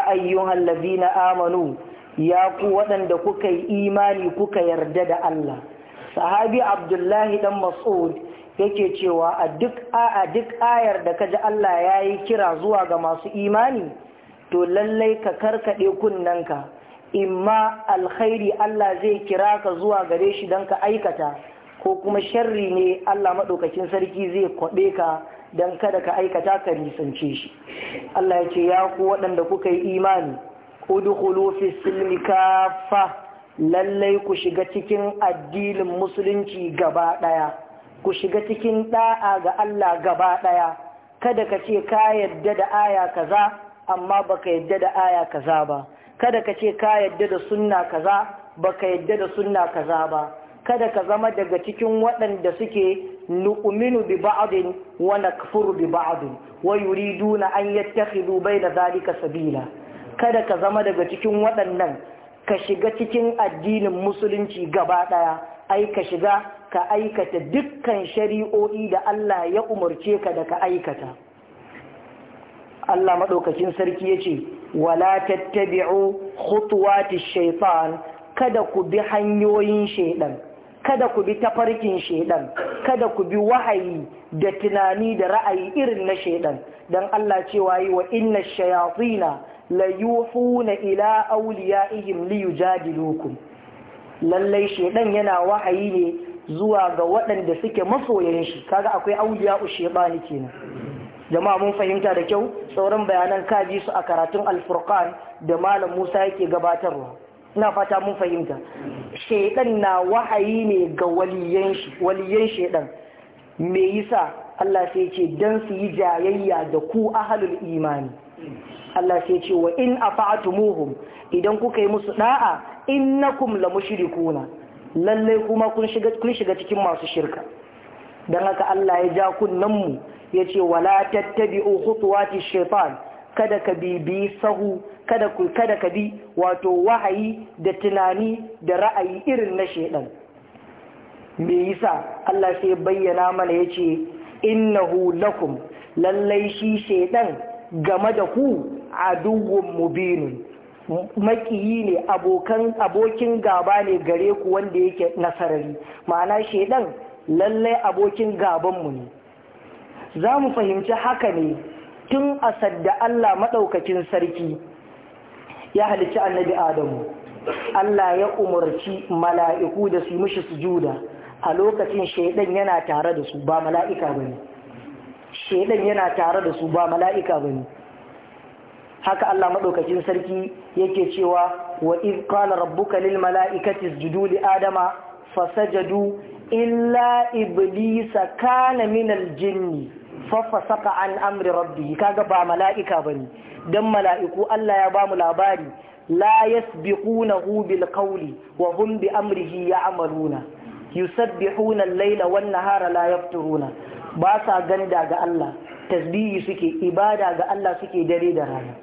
ayyuhal ladina amanu ya ku waɗanda kuka yi imani kuka yarda da Allah sahabi abdullahi dan mas'ud yake cewa a duk a duk ayar da kaji Allah yayi kira zuwa ga masu imani to lallai ka karkade kunnanka imma alkhairi Allah zai kira ka zuwa gare shi dan ka aikata ko kuma sharri ne Allah madaukakin sarki zai kwabe ka don kada ka aikata ka nisance shi Allah ya ce ya ku waɗanda kuka yi imani udkhulu fi silmi kafa lallai ku shiga cikin addinin musulunci gaba ɗaya ku shiga cikin ɗa'a ga Allah gaba ɗaya kada ka ce ka yadda da aya kaza amma baka yadda da aya kaza ba kada ka ce ka yadda da sunna kaza baka yadda da sunna kaza ba kada ka zama daga cikin waɗanda suke نؤمن ببعض ونكفر ببعض ويريدون أن يتخذوا بين ذلك sabila. kada ka zama daga cikin waɗannan ka shiga cikin addinin musulunci gaba ɗaya ai ka shiga ka aikata dukkan shari'o'i da Allah ya umarce ka da ka aikata Allah maɗaukakin sarki ya ce wala tattabi'u khutuwati shaitan kada ku bi hanyoyin shaidan kada ku bi tafarkin shaidan kada ku bi wahayi da tunani da ra'ayi irin na shaidan dan Allah cewa yi wa inna shayatina la yuhuna ila awliyaihim li yujadilukum lallai shaidan yana wahayi ne zuwa ga waɗanda suke masoyan shi kaga akwai awliya shaytani kenan jama'a mun fahimta da kyau sauran bayanan kaji su a karatun alfurqan da malam Musa yake gabatarwa na fata mun fahimta shaidan na wahayi ne ga waliyan shi mai shaidan me yasa Allah sai ce don su yi jayayya da ku ahalul imani Allah sai ce wa in afa'tumuhum idan kuka yi musu ɗa'a, da'a innakum la mushrikuna lalle kuma kun shiga kun shiga cikin masu shirka dan haka Allah ya ja kunnan mu yace wala tattabi'u khutuwati shaitan kada ka bibi sahu kada ku kada ka bi wato wahayi da tunani da ra'ayi irin na shedan me yasa Allah sai bayyana mana yace innahu lakum lallai shi shedan game da ku aduwwun mubinun makiyi ne abokan abokin gaba ne gare ku wanda yake nasarari ma'ana shedan lallai abokin gabanmu ne za mu fahimci haka ne tun a Allah maɗaukacin sarki ya halicci annabi adamu Allah ya umarci mala'iku da su mishi sujuda a lokacin shaidan yana tare da su ba mala'ika bane shaidan yana tare da su ba mala'ika bane haka Allah maɗaukacin sarki yake cewa wa iz qala rabbuka lil mala'ikati isjudu li adama fasajadu illa iblisa kana minal jinni saka an amri rabbi kaga ba mala'ika bane dan mala'iku Allah ya bamu mu labari la yasbiqunahu bil qawli wa hum bi amrihi ya'maluna yusabbihuna al-laila wan nahara la yafturuna ba sa ganda ga Allah tasbihi suke ibada ga Allah suke dare da rana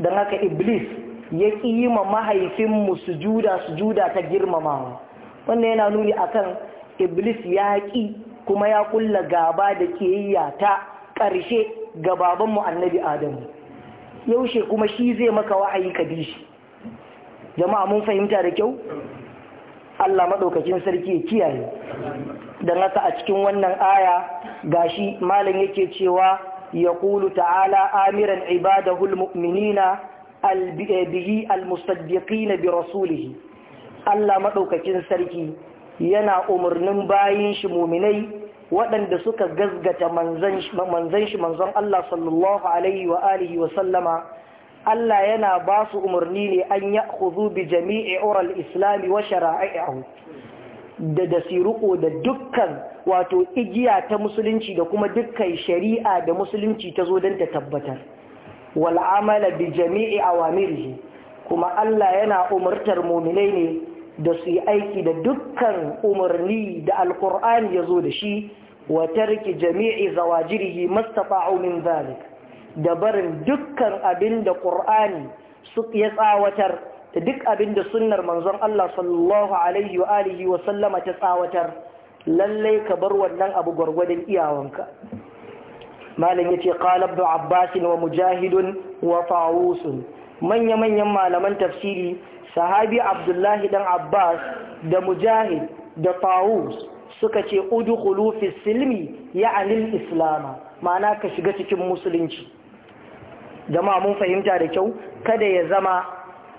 dan haka iblis ya yi ma mahaifin mu sujuda sujuda ta girmamawa wannan yana nuni akan iblis ya ki kuma ya kulla gaba da kiyayya ta ƙarshe ga babanmu annabi adamu yaushe kuma shi zai maka wa'ayi ka jama'a mun fahimta da kyau Allah maɗaukacin sarki ya kiyaye don haka a cikin wannan aya ga shi malam yake cewa ya kulu ta'ala amiran ibadahul mu'minina bihi al-musaddiqina bi rasulihi Allah maɗaukacin sarki yana umarnin bayin shi muminai waɗanda suka gazgata manzan shi manzon Allah sallallahu alaihi wa alihi wa sallama Allah yana ba su umarni ne an ya huzu bi jami'i oral islami wa shara'i'ahu da da siruko da dukkan wato igiya ta musulunci da kuma dukkan shari'a da musulunci ta zo don ta tabbatar wal'amala bi jami'i awamirihi kuma Allah yana umartar muminai ne da su yi aiki da dukkan umarni da alkur'ani ya zo da shi wa tarki jami'i zawajirihi mastafa'u min zalik da barin dukkan abin da ƙur'ani ya tsawatar da duk abin da sunnar manzon Allah sallallahu alaihi wa alihi wa sallama ta tsawatar lallai ka bar wannan abu gwargwadon iyawanka malam yace qala ibn abbas wa mujahid wa tawus manya manyan malaman tafsiri sahabi abdullahi dan abbas da mujahid da Fawus suka ce udu kulufi silmi ya alil islama ma'ana ka shiga cikin musulunci jama mun fahimta da kyau kada ya zama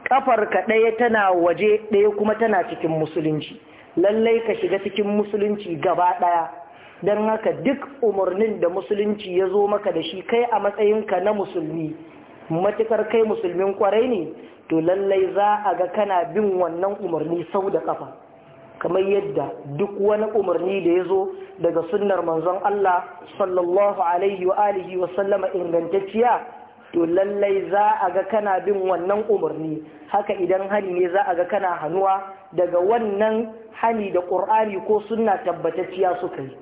kafar ka ɗaya tana waje ɗaya kuma tana cikin musulunci lallai ka shiga cikin musulunci gaba ɗaya. don haka duk umarnin da musulunci ya zo maka da shi kai a matsayinka na musulmi matukar kai musulmin kwarai ne to lallai za a ga kana bin wannan umarni sau da kafa kamar yadda duk wani umarni da ya zo daga sunnar manzon Allah sallallahu alaihi wa alihi wa sallama ingantacciya to lallai za a ga kana bin wannan umarni haka idan hani ne za a ga kana hannuwa daga wannan hani da ƙur'ani ko sunna tabbatacciya suka yi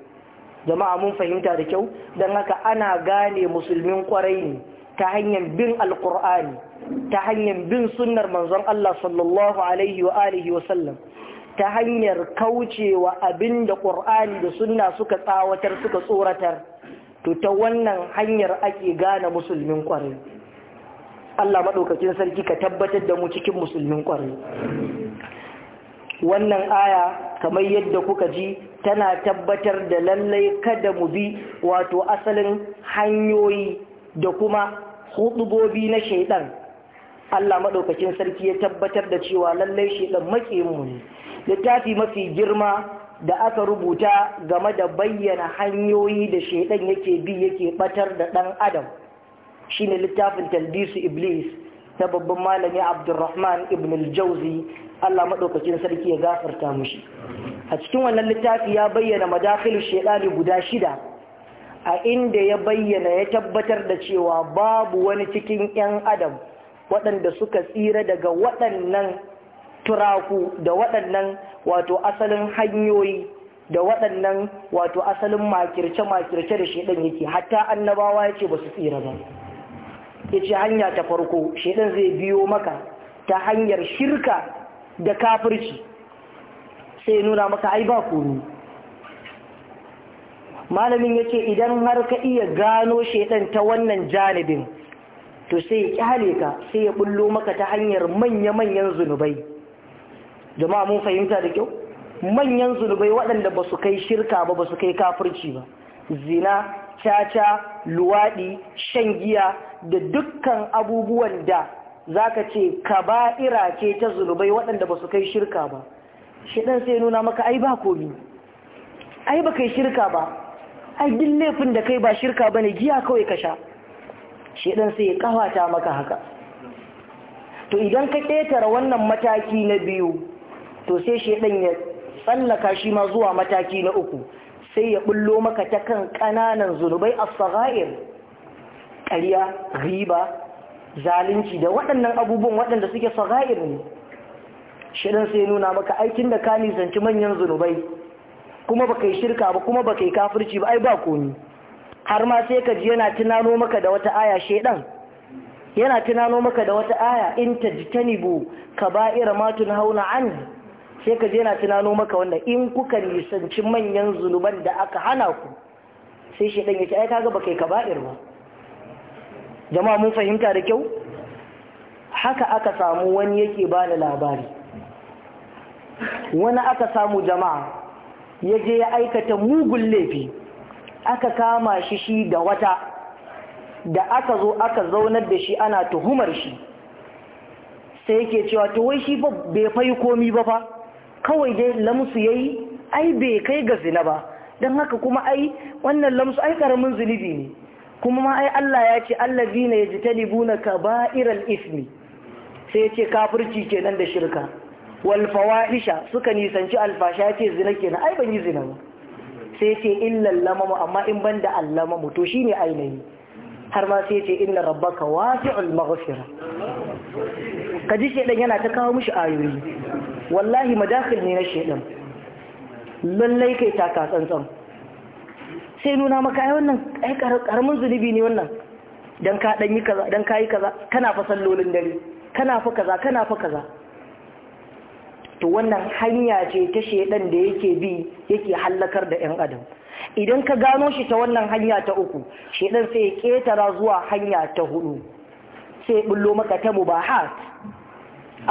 jama'a mun fahimta da kyau don haka ana gane musulmin kwarai ne ta hanyar bin alkur'ani ta hanyar bin sunnar manzon Allah sallallahu alaihi wa alihi wa sallam ta hanyar kaucewa abinda da ƙur'ani da sunna suka tsawatar suka tsoratar to ta wannan hanyar ake gane musulmin ƙwarai Allah maɗaukakin sarki ka tabbatar da mu cikin musulmin ƙwarai wannan aya kamar yadda kuka ji tana tabbatar da lallai kada mu bi wato asalin hanyoyi da kuma hudubobi na shaidan Allah maɗaukacin sarki ya tabbatar da cewa lallai shaidan maƙinmu ne littafi mafi girma da aka rubuta game da bayyana hanyoyi da shaidan yake bi yake batar da ɗan adam shine littafin talbisu iblis ta babban malami Abdulrahman ibn al-jauzi Allah maɗaukacin sarki ya gafarta mushi a cikin wannan littafi ya bayyana madakhil shaidani guda shida a inda ya bayyana ya tabbatar da cewa babu wani cikin 'yan adam waɗanda suka tsira daga waɗannan turaku da waɗannan wato asalin hanyoyi da waɗannan wato asalin makirce-makirce da shaidan yake hatta annabawa ya ce ba su tsira ba ya ce hanya ta farko shaidan zai biyo maka ta hanyar shirka da kafirci sai nuna maka ai ba komi malamin yake idan har ka iya gano shaidan ta wannan janibin to sai ya kyale ka sai ya bullo maka ta hanyar manya-manyan zunubai jama'a mun fahimta da kyau manyan zunubai waɗanda ba su kai shirka ba ba su kai kafirci ba zina caca luwaɗi shan giya da dukkan abubuwan da za ka ce ka ba irace ta zunubai waɗanda ba su kai shirka ba shiɗan sai nuna maka ai ba komi ai ba kai shirka ba ai laifin da kai ba shirka ba ne giya kawai ka sha shedan sai ya kawata maka haka to idan ka ƙetare wannan mataki na biyu to sai shedan ya tsallaka shi ma zuwa mataki na uku sai ya bullo maka ta kan ƙananan zunubai a saghair ƙarya riba zalunci da waɗannan abubuwan waɗanda suke sagha'ir ne shedan sai nuna maka aikin da ka nisanci manyan zunubai kuma baka yi shirka ba kuma baka yi kafirci ba ai ba komi har ma sai ka ji yana tunano maka da wata aya shedan yana tunano maka da wata aya in tajtanibu kaba'ira ma tunhauna an sai ka ji yana tunano maka wannan in kuka nisanci manyan zunuban da aka hana ku sai shedan ya ai kaga baka yi kaba'ir ba jama'a mun fahimta da kyau haka aka samu wani yake bani labari wani aka samu jama'a ya je ya aikata mugun laifi aka kama shi shi da wata da aka zo aka zaunar da shi ana tuhumar shi sai yake cewa to wai shi bai fai komi ba fa kawai dai lamsu ya yi ai bai kai ga zina ba don haka kuma ai wannan lamsu ai karamin zunubi ne kuma ma ai Allah ya ce Allah ya allazina ka ba'irar ismi sai ya ce kafirci kenan da shirka wal suka nisanci alfasha ya ce zina kenan ai ban yi zina ba sai ce illan lamamu amma in ban da allamamu to shine ainihi har ma sai ce inna rabbaka wasi'ul ka kaji shaidan yana ta kawo mishi ayoyi wallahi madakhil ne na shaidan lallai kai ka tsantsan sai nuna maka ai wannan ai karamin zunubi ne wannan dan ka dan yi kaza dan yi kaza kana fa sallolin dare kana fa kaza kana fa kaza to wannan hanya ce ta shedan da yake bi yake hallakar da yan adam idan ka gano shi ta wannan hanya ta uku shedan sai ya ƙetara zuwa hanya ta hudu sai bullo maka ta mubahat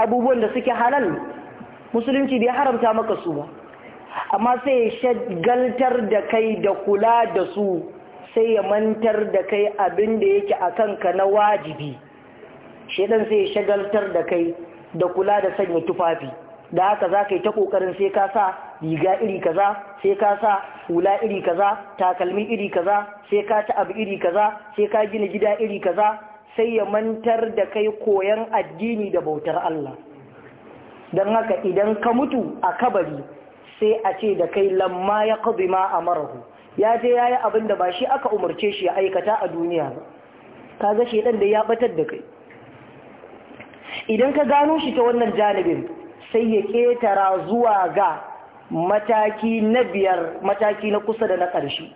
abubuwan da suke halal musulunci bai haramta maka su ba amma sai ya shagaltar da kai da kula da su sai ya mantar da kai abin da yake a kanka na wajibi shedan sai ya shagaltar da kai da kula da sanya tufafi da haka za ka yi ta ƙoƙarin sai ka sa riga iri kaza sai ka sa hula iri kaza takalmi iri kaza sai ka ta abu iri kaza sai ka gina gida iri kaza sai ya mantar da kai koyan addini da bautar Allah don haka idan ka mutu a kabari sai a ce da kai lamma ya kabi ma a marahu ya je ya yi abin da ba shi aka umarce shi ya aikata a duniya ba ka ga shaidan da ya batar da kai idan ka gano shi ta wannan janibin sai ya ƙetara zuwa ga mataki na biyar mataki na kusa da na ƙarshe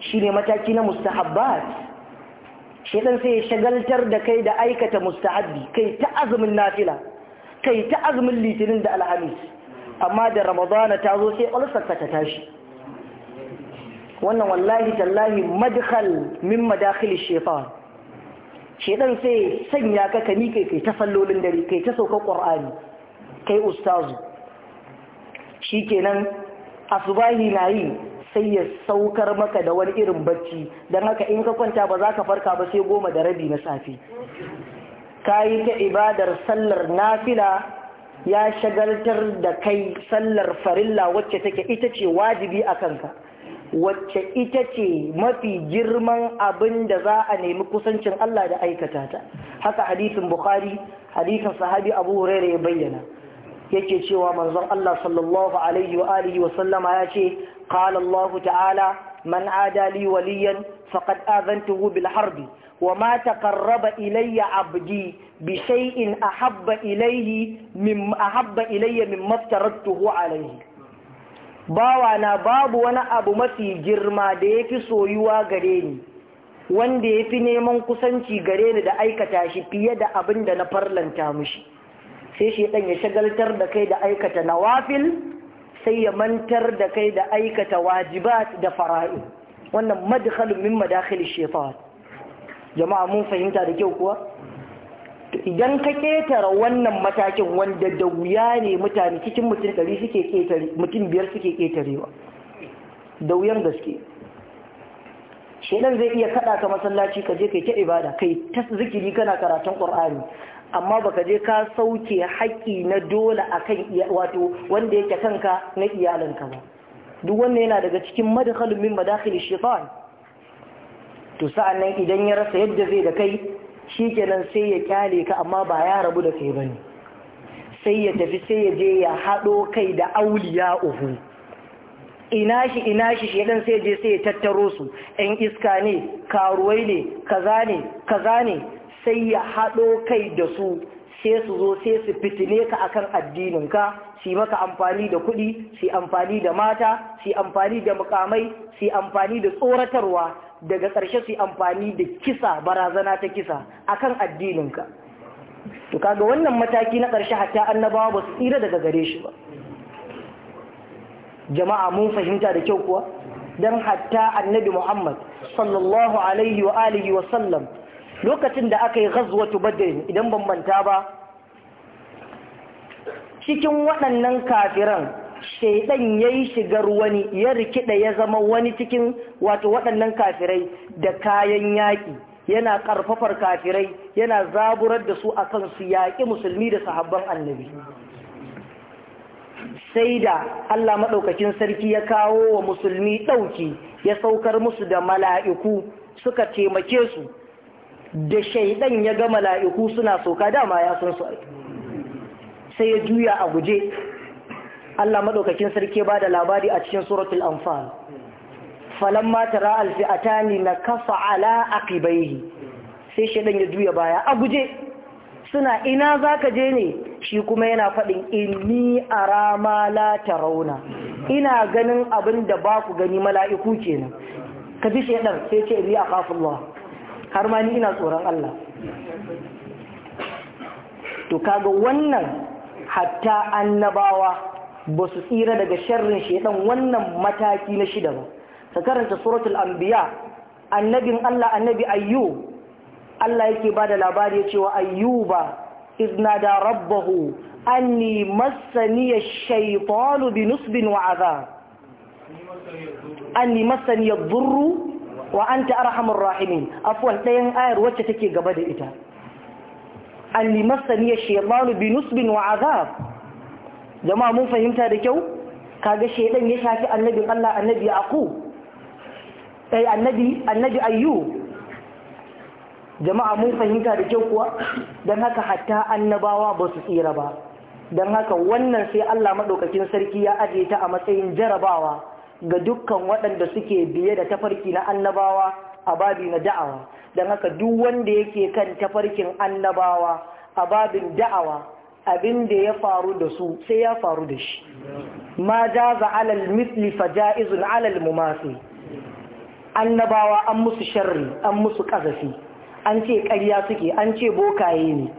shi ne mataki na mustahabbat shaitan sai ya shagaltar da kai da aikata mustahabbi kai ta azumin nafila kai ta azumin litinin da alhamis amma da ramadana ta zo sai ulsarka ta tashi wannan wallahi tallahi madkhal min madakhil shaitan shedan sai sanya ka ka miƙe kai ta sallolin dare kai ta saukar ƙwar'ani kai ustazu shi kenan asubahi na yi sai ya saukar maka da wani irin bacci don haka in ka kwanta ba za ka farka ba sai goma da rabi na safe ka yi ta ibadar sallar nafila ya shagaltar da kai sallar farilla wacce take ita ce wajibi a kanka wacce ita ce mafi girman abin da za a nemi kusancin Allah da aikata ta haka hadisin bukhari hadisin sahabi abu huraira ya bayyana yake cewa manzon Allah sallallahu alaihi wa alihi wa sallama ya ce qala Allah ta'ala man adali waliyan faqad azantuhu bil harbi وما ilayya abdi عبدي بشيء أحب إليه من أحب إلي مما افترضته عليه Bawa na babu wani abu mafi girma da ya fi soyuwa gare ni wanda ya fi neman kusanci gare ni da aikata shi fiye da abin da na farlanta mushi sai shaidan ya shagaltar da kai da aikata nawafil sai ya mantar da kai da aikata wajibat da fara'i wannan madkhalun min madakhil shaitan jama'a mun fahimta da kyau kuwa idan ka ketara wannan matakin wanda da wuya ne mutane cikin mutum ɗari suke ketare mutum biyar suke ketarewa da wuyan gaske Shaiɗan zai iya kaɗa ka masallaci ka je kai ta ibada kai ta zikiri kana karatun qur'ani amma baka je ka sauke haƙƙi na dole a akan wato wanda yake kanka na iyalanka ba duk wannan yana daga cikin madkhalun min madakhil shaitan to sa'annan idan ya rasa yadda zai da kai shi kenan sai ya kyale ka amma ba ya rabu da kai bane sai ya tafi sai ya je ya haɗo kai da auliya uhu ina shi ina shi shedan sai je sai ya tattaro su ɗan iska ne karuwai ne kaza ne kaza ne sai ya haɗo kai da su sai su zo sai su fitine ka akan addininka su maka amfani da kuɗi su amfani da mata su amfani da mukamai su amfani da tsoratarwa daga ƙarshe su amfani da kisa barazana ta kisa akan addininka to kaga wannan mataki na ƙarshe hatta annabawa ba su tsira daga gare shi ba jama'a mun fahimta da kyau kuwa don hatta annabi muhammad sallallahu alaihi wa alihi wa sallam lokacin da aka yi ghazwatu badrin idan ban banta ba cikin waɗannan kafiran shaidan ya yi shigar wani ya rikida ya zama wani cikin wato waɗannan kafirai da kayan yaƙi yana ƙarfafar kafirai yana zaburar da su a kan su yaƙi musulmi da sahabban annabi sai da Allah maɗaukakin sarki ya kawo wa musulmi ɗauki ya saukar musu da mala'iku suka taimake su da shaidan ya ga mala'iku suna soka dama ya sun su sai ya juya a guje Allah madaukakin sarki ba da labari a cikin suratul anfal falamma tara na kafa ala aqibaihi sai shedan ya juya baya a guje suna ina zaka je ne shi kuma yana fadin inni ara ma la tarawna ina ganin abin da ba ku gani mala'iku kenan ka bi shedan sai ce inni akhafullah har ma ni ina tsoron Allah to kaga wannan hatta annabawa ba su tsira daga sharrin shaidan wannan mataki na shida ba ka karanta suratul anbiya annabin Allah annabi ayyub Allah yake ba da labari ya cewa ayyuba iznada rabbahu anni massaniya shaytanu bi nusbin wa azab anni massaniya dhurru wa anta arhamur rahimin afwan dayan ayar wacce take gaba da ita anni massaniya shaytanu bi nusbin wa azab jama'a mun fahimta da kyau kaga shaidan ya shafi annabi Allah annabi aku ai eh, annabi annabi ayyu jama'a mun fahimta da kyau kuwa dan haka hatta annabawa ba su tsira ba dan haka wannan sai Allah madaukakin sarki ya aje ta a matsayin jarabawa ga dukkan waɗanda suke biye da tafarki na annabawa a babi na da'awa dan haka duk wanda yake kan tafarkin annabawa a babin da'awa abin da ya faru da su sai ya faru da shi ma jaza alal misli fa ja'izun alal mumasi annabawa an musu sharri an musu kazafi an ce ƙarya suke an ce bokaye ne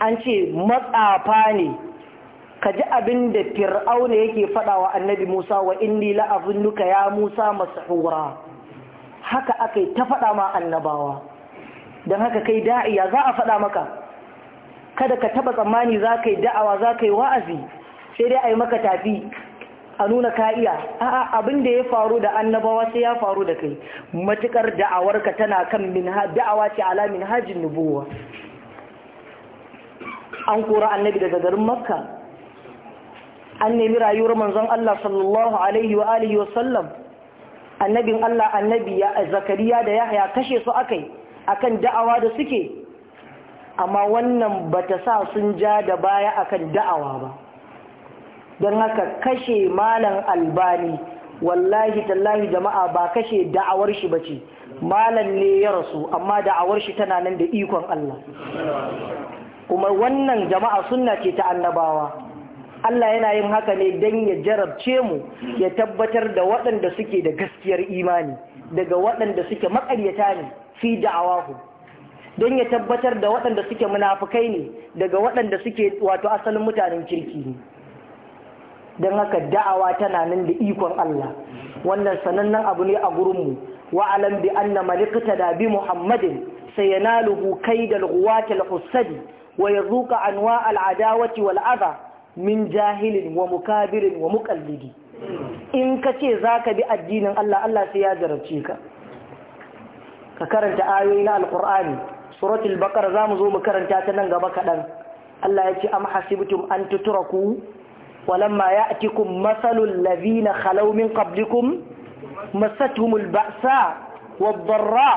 an ce matsafa ne ka ji abin da fir'auna yake faɗa wa annabi musa wa inni nuka ya musa masahura haka aka yi ta faɗa ma annabawa don haka kai da'iya za a faɗa maka kada ka taba tsammani za ka yi da'awa za ka yi wa'azi sai dai a yi maka tafi a nuna ka iya abin da ya faru da annabawa sai ya faru da kai matukar da'awarka tana kan da'awa ce ala minhajin nubuwa an kori annabi daga garin makka an nemi rayuwar manzon Allah sallallahu alaihi wa alihi wa sallam annabin Allah annabi ya zakariya da yahya kashe su akai akan da'awa da suke amma wannan bata sa sun ja da baya akan da'awa ba don haka kashe malam albani wallahi tallahi jama'a ba kashe da'awar shi ba ce, malam ne ya rasu amma da'awar shi tana nan da ikon Allah kuma wannan jama'a sunna ce ta annabawa Allah yana yin haka ne don ya jarabce mu ya tabbatar da waɗanda suke da gaskiyar imani daga waɗanda suke maƙaryata ne fi da'awahu don ya tabbatar da waɗanda suke munafukai ne daga waɗanda suke wato asalin mutanen kirki ne don haka da'awa tana nan da ikon Allah wannan sanannen abu ne a gurinmu wa'alam bi anna malikta da bi muhammadin sayanaluhu da ghuwatil husadi wa yazuqa anwa al adawati wal adha min jahilin wa mukabirin wa muqallidi in ka kace zaka bi addinin Allah Allah sai ya jarabce ka ka karanta ayoyi na alqur'ani surat al-baqara za mu zo mu karanta ta nan gaba kaɗan. Allah yace am hasibtum an tutraku walamma ya'tikum masalul ladina khalaw min qablikum masatuhumul ba'sa wadh-dharra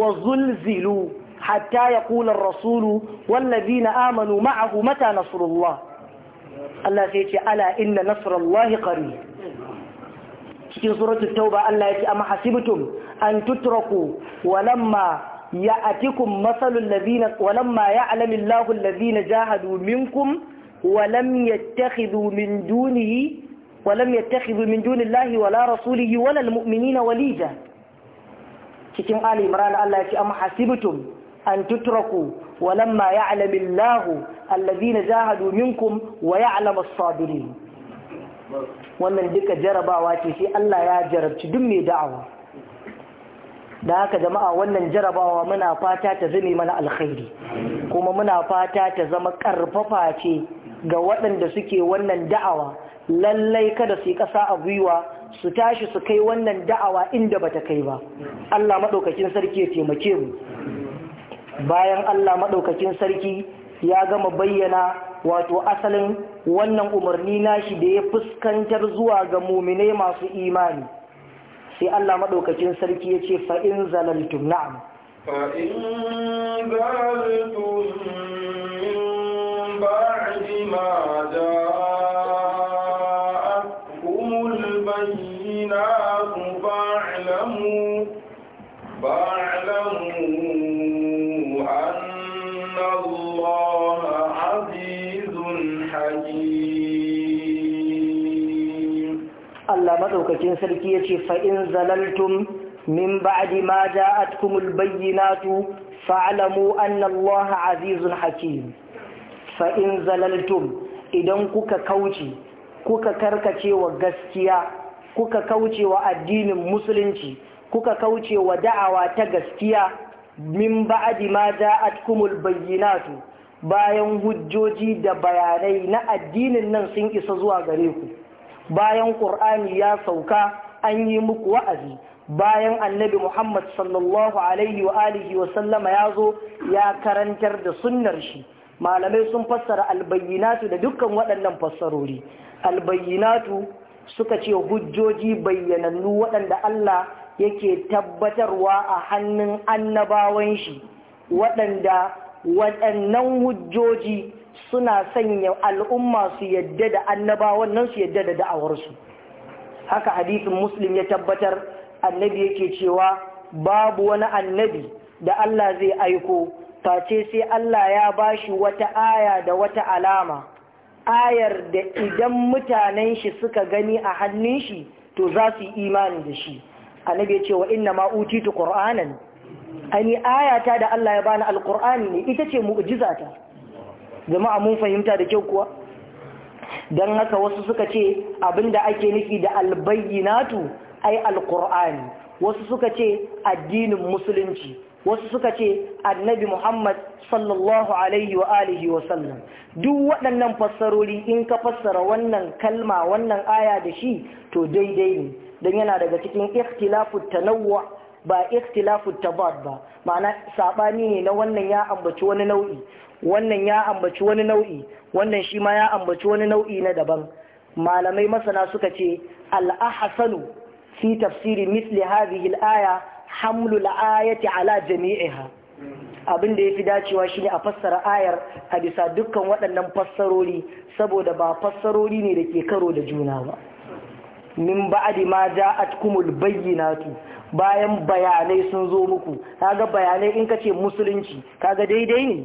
wazulzilu hatta yaqula ar-rasulu walladina amanu ma'ahu mata nasrullah Allah sai yace ala inna nasrallahi qarib cikin suratun tauba Allah yace am hasibtum an tutraku walamma ya'atikum masalul ladina walamma ya'lamu Allahu alladhina jahadu minkum walam yattakhidhu min dunihi walam wala rasulihi wala almu'minina walija cikin Ali Allah ya ce am hasibtum an tutraku walamma ya'lamu Allahu alladhina jahadu minkum wa ya as-sabirin wannan duka jarabawa ce sai Allah ya jarabci duk mai da'awa da haka jama'a wannan jarabawa muna fata ta zame mana alkhairi kuma muna fata ta zama karfafa ce ga waɗanda suke wannan da'awa lallai kada su yi ƙasa a gwiwa su tashi su kai wannan da'awa inda bata kai ba Allah maɗaukakin sarki ya taimake mu bayan Allah maɗaukakin sarki ya gama bayyana wato asalin wannan umarni nashi da ya fuskantar zuwa ga muminai masu imani sai Allah maɗaukacin sarki ya ce fa'in zalaltum da, fa'in zalaltum min ba'di ma ja'akumul bayyinatu fa'lamu fa'lamu anna Allah madaukakin sarki yace fa in zalaltum min ba'di ma ja'atkumul bayyinatu fa'lamu anna Allah azizun hakim Fa'in, in zalaltum idan kuka kauce kuka karkace wa gaskiya kuka kauce wa addinin musulunci kuka kauce wa da'awa ta gaskiya min ba'di ma ja'atkumul bayyinatu bayan hujjoji da bayanai na addinin nan sun isa zuwa gare ku bayan ƙur'ani ya sauka an yi muku wa'azi bayan annabi Muhammad sallallahu alaihi wa alihi wa sallama ya zo ya karantar da sunnar shi malamai sun fassara Albayinatu da dukkan waɗannan fassarori albayyinatu suka ce hujjoji bayyanannu waɗanda Allah yake tabbatarwa a hannun annabawan shi waɗanda waɗannan hujjoji suna sanya al'umma su yadda da annabawan nan su yadda da da'awarsu haka hadisin muslim ya tabbatar annabi yake cewa babu wani annabi da Allah zai aiko face sai Allah ya bashi wata aya da wata alama ayar da idan mutanen shi suka gani a hannun shi to za su yi imani da shi annabi ya ce wa inna ma utitu qur'anan ani ayata da Allah ya bani alqur'ani ne ita ce mu'jizata jama'a mun fahimta da kyau kuwa don haka wasu suka ce abinda ake nufi da albayyinatu ai Alkur'ani. wasu suka ce addinin musulunci wasu suka ce annabi Muhammad sallallahu alaihi wa alihi wa sallam duk waɗannan fassarori in ka fassara wannan kalma wannan aya da shi to daidai ne don yana daga cikin ikhtilafu tanawwa ba ikhtilafu tabad ba ma'ana sabani ne na wannan ya ambaci wani nau'i wannan ya ambaci wani nau'i wannan shi ma ya ambaci wani nau'i na daban malamai masana suka ce al'ahasanu fi tafsiri misli hadhihi al'aya aya hamlu al-ayati ala jami'iha abin da ya fi dacewa shine a fassara ayar a bisa dukkan waɗannan fassarori saboda ba fassarori ne da ke karo da juna ba min ba'di ma bayyana bayyinatu bayan bayanai sun zo muku kaga bayanai in kace musulunci kaga daidai ne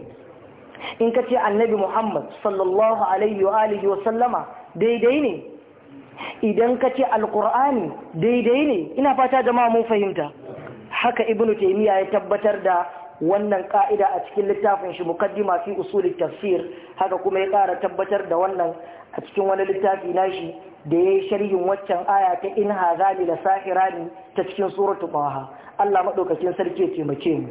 in ka ce annabi muhammad sallallahu alaihi wa alihi wa sallama daidai ne idan ka ce alkur'ani daidai ne ina fata jama'a mun fahimta haka ibnu taymiya ya tabbatar da wannan ka'ida a cikin littafin shi mukaddima fi usulit tafsir haka kuma ya kara tabbatar da wannan a cikin wani littafi nashi da ya yi sharhin waccan aya ta in hazali da sahirani ta cikin suratu baha Allah maɗaukakin sarki ya taimake mu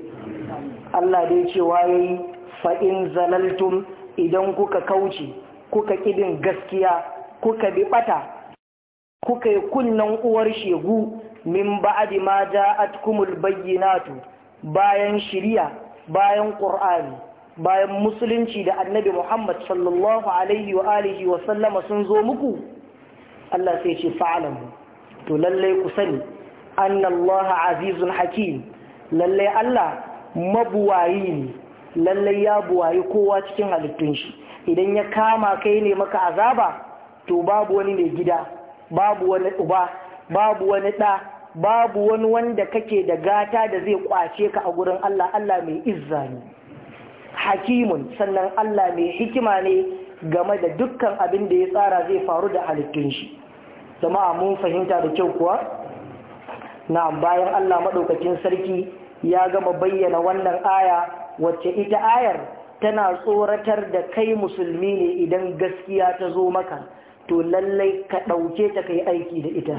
Allah da ya ce yayi fa'in zalaltum idan kuka kauce kuka kidin gaskiya kuka bi bata kuka yi kunnen uwar shegu min ba'adi ma ja'atkumul bayyinatu bayan shiriya bayan qur'ani bayan musulunci da annabi Muhammad sallallahu alaihi wa alihi wa sallama sun zo muku Allah sai ce fa'alam to lallai ku sani annallaha azizun hakim lallai Allah mabuwayi ne lallai ya buwayi kowa cikin halittun shi idan ya kama kai ne maka azaba to babu wani mai gida babu wani uba babu wani ɗa babu wani wanda kake da gata da zai kwace ka a gurin Allah Allah mai izza ne hakimun sannan Allah mai hikima ne game da dukkan abin da ya tsara zai faru da halittun shi a mun fahimta da kyau kuwa na bayan Allah madaukakin sarki ya gama bayyana wannan aya wacce ita ayar tana tsoratar da kai musulmi ne idan gaskiya ta zo maka to lallai ka ɗauke ta kai aiki da ita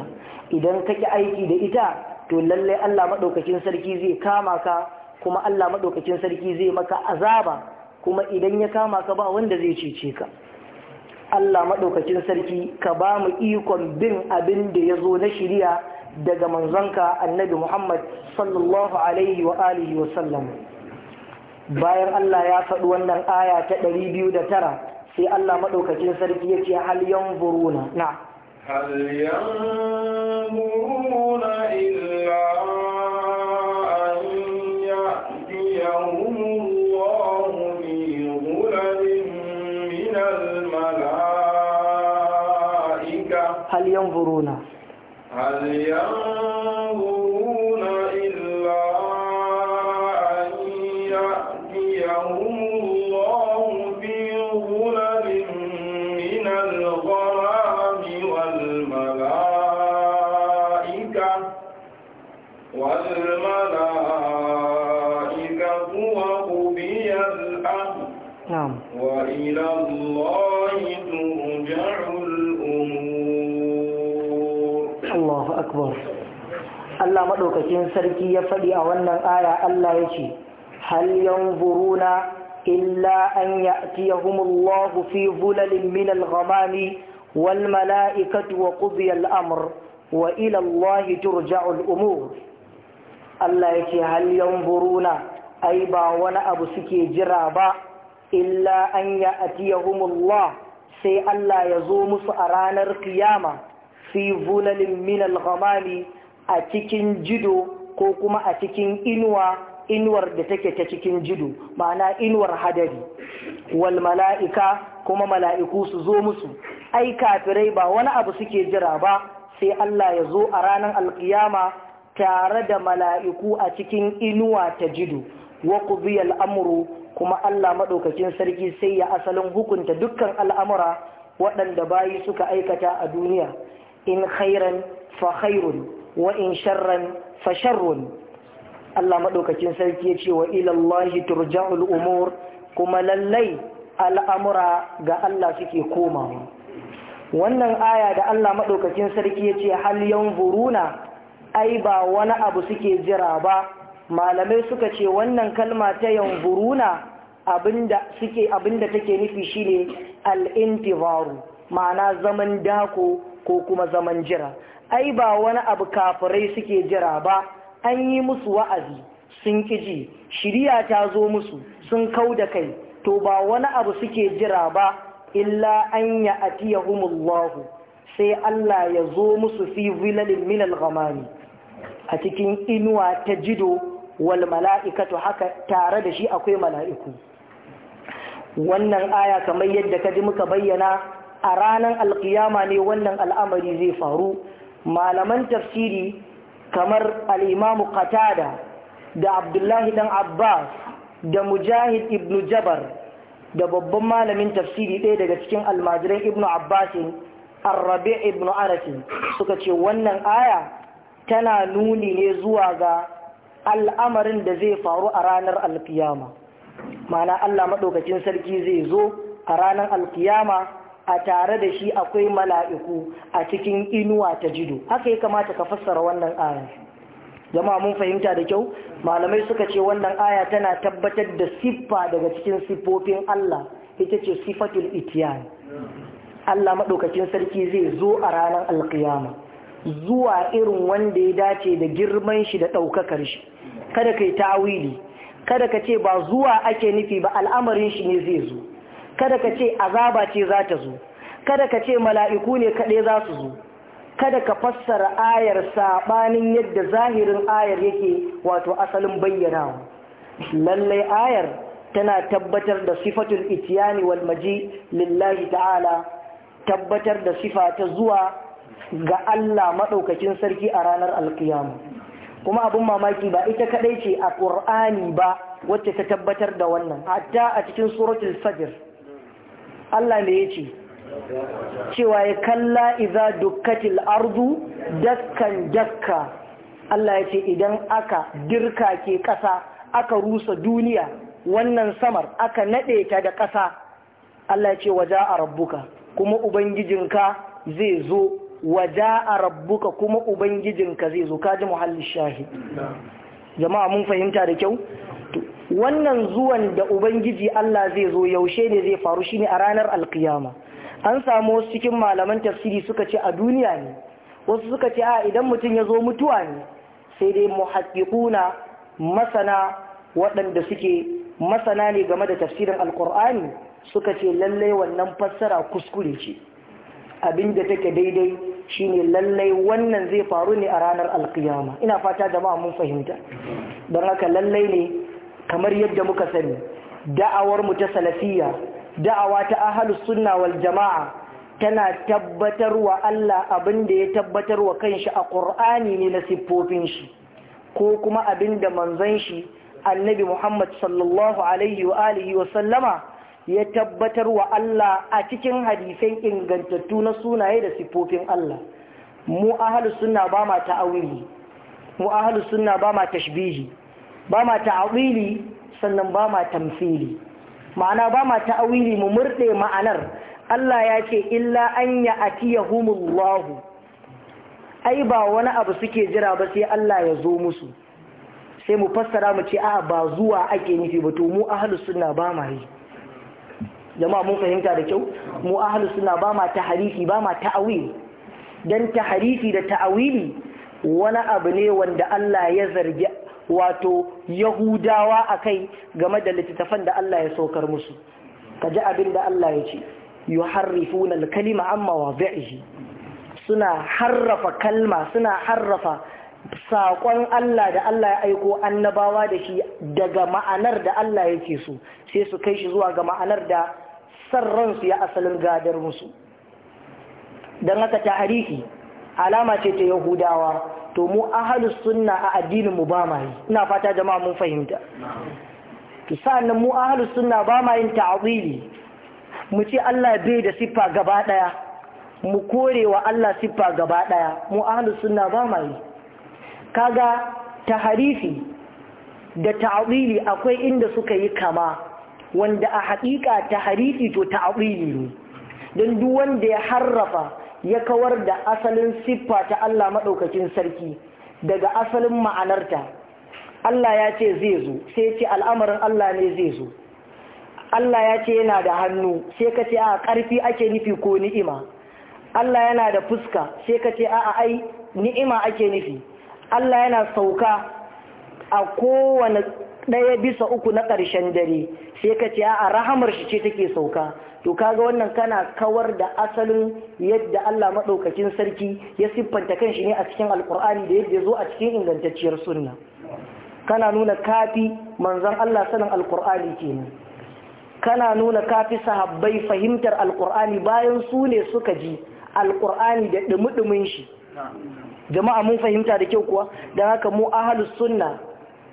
idan ka aiki da ita to lallai Allah maɗaukakin sarki zai kama ka kuma Allah maɗaukakin sarki zai maka azaba kuma idan ya kama ka ba wanda zai cece ka Allah maɗaukakin sarki ka ba mu ikon bin abin da ya zo na shirya daga manzanka annabi Muhammad sallallahu alaihi wa alihi wa sallam. bayan Allah ya faɗi wannan aya ta ɗari biyu da tara sai Allah maɗaukacin sarki ya ce hal buruna na hal yanzuruna illa an ya'tiyahum Allah bi malaika hal yanzuruna Allah maɗaukakin sarki ya faɗi a wannan aya Allah ya ce hal yanzuruna illa an ya'tiyahumullahu fi zulalin min al-ghamami wal mala'ikatu wa qudiya al-amr wa ila Allah turja'u al-umur Allah ya ce hal yanzuruna ai ba wani abu suke jira ba illa an ya'tiyahumullah sai Allah ya zo musu a ranar kiyama fi zulalin min al-ghamami a cikin jido ko kuma a cikin inuwa inuwar da take ta cikin jido ma'ana inuwar hadari wal mala'ika kuma mala'iku su zo musu ai kafirai ba wani abu suke jira ba sai Allah ya zo a ranar alkiyama tare da mala'iku a cikin inuwa ta jido wa al amru kuma Allah madaukakin sarki sai ya asalin hukunta dukkan al'amura waɗanda bayi suka aikata a duniya in khairan fa khairun Wa'in sharran fa sharrun Allah madaukakin sarki ya ce wa ila turja'ul umur kuma lallai al'amura ga Allah suke komawa wannan aya da Allah madaukakin sarki ya ce hal yanzuruna ai ba wani abu suke jira ba malamai suka ce wannan kalma ta yanzuruna abinda suke abinda take nufi shine al-intizaru ma'ana zaman dako ko kuma zaman jira ai ba wani abu kafirai suke jira ba an yi musu wa'azi sun kiji shirya ta zo musu sun kau da kai to ba wani abu suke jira ba illa an ya atiyahumullahu sai Allah ya zo musu fi zilalin minal ghamami a cikin inuwa ta jido wal mala'ikatu haka tare da shi akwai mala'iku wannan aya kamar yadda ka ji muka bayyana a ranar alkiyama ne wannan al'amari zai faru malaman tafsiri kamar al'imamu qatada da abdullahi dan abbas da mujahid ibn jabar da babban malamin tafsiri ɗaya daga cikin almajiran ibn abbasin arrabe ibn arasin suka ce wannan aya tana nuni ne zuwa ga al'amarin da zai faru a ranar alkiyama mana allah maɗaukacin sarki zai zo a ranar alkiyama a tare da shi akwai mala'iku a cikin inuwa ta jido haka ya kamata ka fassara wannan aya jama'a mun fahimta da kyau malamai suka ce wannan aya tana tabbatar da siffa daga cikin siffofin Allah ita ce sifatul itiyan Allah maɗaukacin sarki zai zo a ranar alkiyama zuwa irin wanda ya dace da girman shi da ɗaukakar shi kada kai tawili kada ka ce ba zuwa ake nufi ba al'amarin shi ne zai zo kada ka ce azaba ce za ta zo kada ka ce mala'iku ne kaɗai za su zo kada ka fassara ayar saɓanin yadda zahirin ayar yake wato asalin bayyanawa lallai ayar tana tabbatar da sifatul itiyani wal maji lillahi ta'ala tabbatar da sifa ta zuwa ga Allah maɗaukacin sarki a ranar alkiyama kuma abin mamaki ba ita kaɗai ce a ƙur'ani ba wacce ta tabbatar da wannan hatta a cikin suratul fajr Allah ne ya ce cewa ya kalla iza dukkatil ardu dakkan dakka Allah ya ce idan aka dirka ke ƙasa aka rusa duniya wannan samar aka naɗe ta da ƙasa Allah ya ce waje a rabbuka kuma ubangijinka zai zo waje a rabbuka kuma ubangijinka zai zo kaji muhallin shahi jama'a mun fahimta da kyau wannan zuwan da ubangiji Allah zai zo yaushe ne zai faru shine a ranar alkiyama an samu wasu cikin malaman tafsiri suka ce a duniya ne wasu suka ce a idan mutum ya zo mutuwa ne sai dai muhaqqiquna masana waɗanda suke masana ne game da tafsirin alkur'ani suka ce lallai wannan fassara kuskure ce abinda take daidai shine lallai wannan zai faru ne a ranar alkiyama ina fata jama'a mun fahimta don haka lallai ne kamar yadda muka sani da'awar mu ta salafiyya da'awa ta ahlus sunna wal jama'a tana tabbatarwa Allah abinda ya ya tabbatarwa kanshi a Qur'ani ne na siffofin shi ko kuma abinda manzon shi Annabi Muhammad sallallahu alaihi wa alihi wa sallama ya tabbatarwa Allah a cikin hadisan ingantattu na sunaye da siffofin Allah mu ahlus sunna ba ma ta'awili mu sunna ba ma tashbihi ba ma ta'awili sannan ba ma tamfili ma'ana ba ma ta'awili mu murɗe ma'anar Allah ya ce illa an ya atiyahumullahu ai ba wani abu suke jira ba sai Allah ya zo musu sai mu fassara mu ce a ba zuwa ake nufi ba to mu ahlus sunna ba ma yi jama'a mun fahimta da kyau mu ahlus sunna ba ma tahrifi ba ma dan tahrifi da ta'awili wani abu ne wanda Allah ya zargi wato yahudawa a kai game da littattafan da Allah ya saukar musu ka ji abin da Allah ya ce yuharrifuna al-kalima amma wadhihi suna harrafa kalma suna harrafa saƙon Allah da Allah ya aiko annabawa da shi daga ma'anar da Allah ya yake so sai su kai shi zuwa ga ma'anar da sarransu ya asalin gadar musu don haka ta alama ce ta yahudawa to mu ahalus sunna a addinin mu ba ma yi ina fata jama'a mun fahimta to sa'annan mu ahalus sunna ba ma yin ta'awili mu ce Allah bai da siffa gaba daya mu kore wa Allah siffa gaba daya mu ahalus sunna ba ma yi kaga taharifi da ta'awili akwai inda suka yi kama wanda a haƙiƙa taharifi to ta'awili ne don duk wanda ya harrafa ya kawar da asalin siffa ta Allah maɗaukacin sarki daga asalin ma'anarta Allah ya ce zai zo sai ce al'amarin Allah ne zai zo Allah ya ce yana da hannu sai ka ce a ƙarfi ake nufi ko ni'ima Allah yana da fuska sai ka ce a ai ni'ima ake nufi Allah yana sauka a kowane ɗaya bisa uku na ƙarshen dare sai ka ce a rahamar shi ce take sauka to kaga wannan kana kawar da asalin yadda Allah maɗaukakin sarki ya siffanta kanshi ne a cikin alkur'ani da yadda ya zo a cikin ingantacciyar sunna kana nuna kafi manzon Allah sanin alkur'ani kenan kana nuna kafi sahabbai fahimtar alkur'ani bayan su ne suka ji alkur'ani da dumudumin shi jama'a mun fahimta da kyau kuwa Dan haka mu ahlus sunna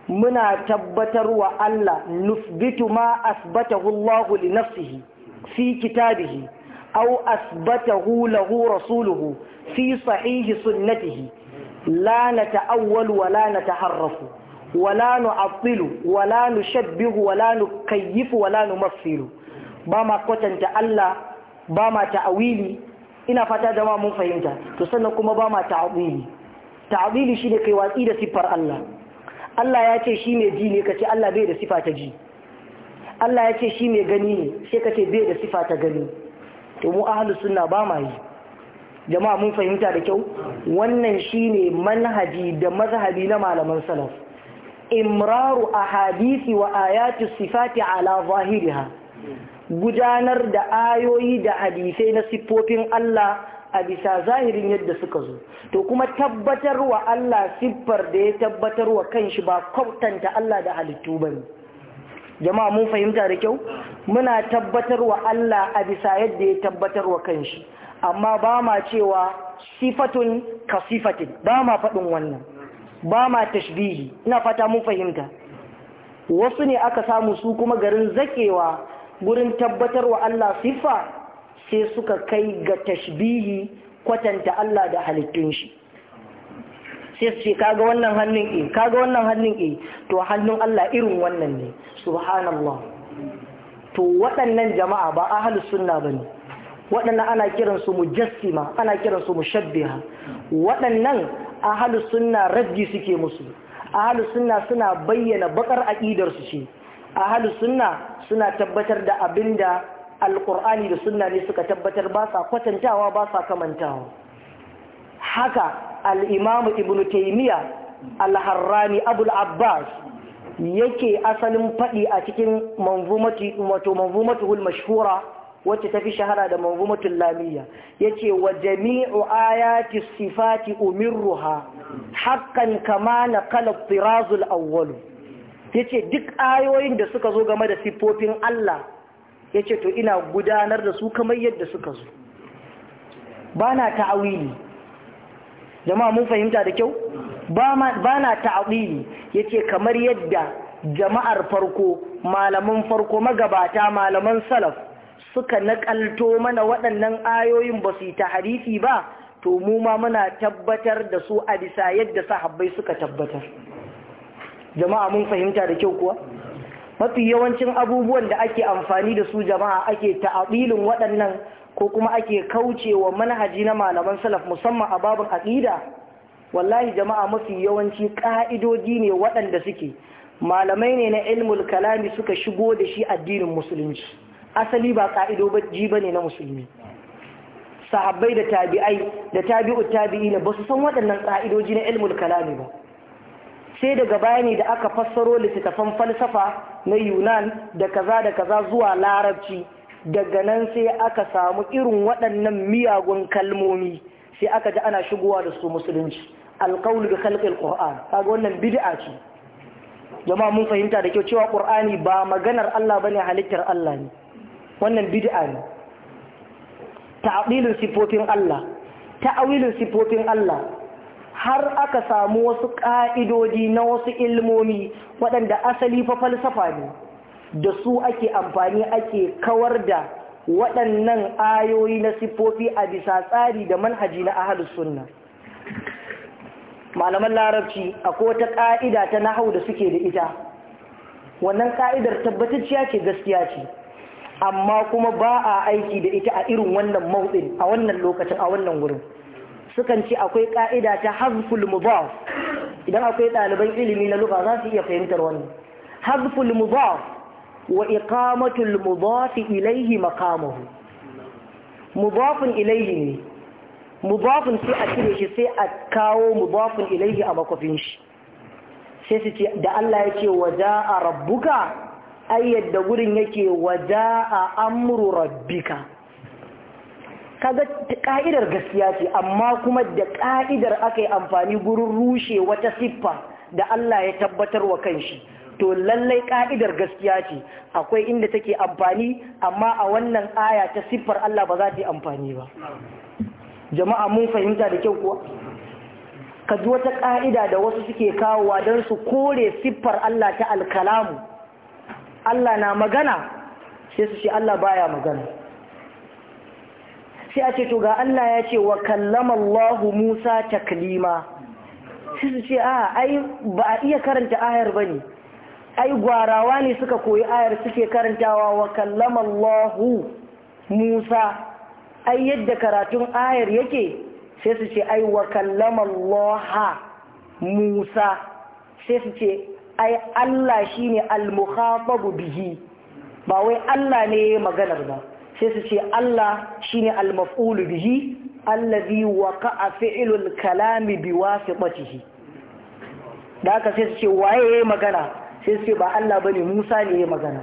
muna tabbatar wa Allah nusbitu ma asbatahu Allah li nafsihi fi kitabihi aw asbatahu lahu rasuluhu fi sahihi sunnatihi la nata'awwal wa la nataharrafu wa la nu'attilu wa la nushabbihu wa la nukayyifu wa la numaffilu ba ma kwatanta Allah ba ma ta'awili ina fata da mun fahimta to sannan kuma ba ma ta'awili ta'awili shine kai watsi da siffar Allah Allah ya ce shi ne ji ne ka kace Allah bai da sifa ta ji Allah ya ce shi mai gani ne sai ka ce da sifa ta gani to mu ahlu sunna ba ma yi jama'a mun fahimta da kyau wannan shi ne manhaji da mazhabi na malaman salaf imraru ahadisi wa ayatu sifati ala zahiriha gudanar da ayoyi da hadisai na siffofin Allah a bisa zahirin yadda suka zo to kuma tabbatar wa Allah siffar da ya tabbatar wa kanshi ba kwautanta Allah da halittu ba ne. jama'a mun fahimta da kyau muna tabbatar wa Allah a bisa yadda ya tabbatar wa kanshi amma ba ma cewa sifatun ka sifatin ba ma faɗin wannan ba ma tashbihi ina fata mun fahimta wasu ne aka samu su kuma garin zakewa gurin tabbatar wa Allah sifa sai suka kai ga tashbihi kwatanta Allah da halittun shi sai su ce kaga wannan hannun e kaga wannan hannun e to hannun Allah irin wannan ne subhanallah to waɗannan jama'a ba ahlus sunna bane waɗannan ana kiransu mujassima ana kiransu mushabbiha waɗannan ahlus sunna raddi suke musu ahlus sunna suna bayyana bakar aqidar su ce ahlus sunna suna tabbatar da abinda alqur'ani da sunna ne suka tabbatar ba sa kwatantawa ba sa kamantawa haka al'imamu ibn taimiyya al-harrani abul abbas yake asalin faɗi a cikin manzumatul mashhura wacce ta fi shahara da manzumatul lamiyya yace wa jami'u ayati sifati umirruha hakan kama na kalab tirazul awwalu yace duk ayoyin da suka zo game da siffofin Allah yace to ina gudanar da su kamar yadda suka zo bana ta'awili jama'a mun fahimta da kyau ba na Ya ce kamar yadda jama'ar farko malaman farko magabata malaman salaf suka nakalto mana waɗannan ayoyin ba su yi taharifi ba to mu ma muna tabbatar da su a bisa yadda sahabbai suka tabbatar jama'a mun fahimta da kyau kuwa mafi yawancin abubuwan da ake amfani da su jama'a ake ta'abilin waɗannan ko kuma ake kauce wa manhaji na malaman salaf musamman a babin aqida wallahi jama'a mafi yawanci ƙa'idodi ne waɗanda suke malamai ne na ilmul kalami suka shigo da shi addinin musulunci asali ba ba bane na musulmi sahabbai da tabi'ai da tabi'u tabi'ina ba su san waɗannan ƙa'idoji na ilmul kalami ba sai daga bayani da aka fassaro littattafan falsafa na yunan da kaza da kaza zuwa larabci daga nan sai aka samu irin waɗannan miyagun kalmomi sai aka ji ana shigowa da su musulunci alƙawul bi khalqil qur'an kaga wannan bid'a ce jama'a mun fahimta da kyau cewa qur'ani ba maganar Allah ba ne halittar Allah ne wannan bid'a ne ta'dilin sifofin Allah ta'awilin sifofin Allah har aka samu wasu ƙa'idodi na wasu ilmomi waɗanda asali fa falsafa ne da su ake amfani ake kawar da waɗannan ayoyi na siffofi a bisa tsari da manhaji na ahalus sunna malaman larabci akwai wata ƙa'ida ta nahau da suke da ita wannan ƙa'idar tabbatacciya ce gaskiya ce amma kuma ba a aiki da ita a irin wannan mautsin a wannan lokacin a wannan wurin sukan ce akwai ƙa'ida ta hazful mubaf idan akwai ɗaliban ilimi na Lufa za su iya fahimtar wannan hazful mubaf wa iqamatul mudafi ilaihi maqamuhu mudafin ilaihi ne mudafin sai a cire shi sai a kawo mudafin ilaihi a makofin shi sai su ce da Allah ya ce waja'a rabbuka ai yadda gurin yake waja'a amru rabbika kaga ka'idar gaskiya ce amma kuma da ka'idar aka amfani gurin rushe wata siffa da Allah ya tabbatar wa kanshi to lallai ka'idar gaskiya ce akwai inda take amfani amma a wannan aya ta siffar Allah ba za ta yi amfani ba jama'a mun fahimta da kyau kuwa ka ji wata ka'ida da wasu suke kawowa don su kore siffar Allah ta alkalamu Allah na magana sai su ce Allah baya magana sai a ce to ga Allah ya ce wa kallama Allah Musa taklima sai su ce a ai ba a iya karanta ayar bane ai gwarawa ne suka koyi ayar suke karantawa wa kallama Allahu Musa ai yadda karatun ayar yake sai su ce ai wa kallama Musa sai su ce ai Allah shine al-mukhatabu bihi ba wai Allah ne maganar ba sai su ce Allah shine al-maf'ulu bihi allazi waqa'a fi'lul kalami biwasitatihi da haka sai su ce waye magana sai su ba Allah bane Musa ne ya magana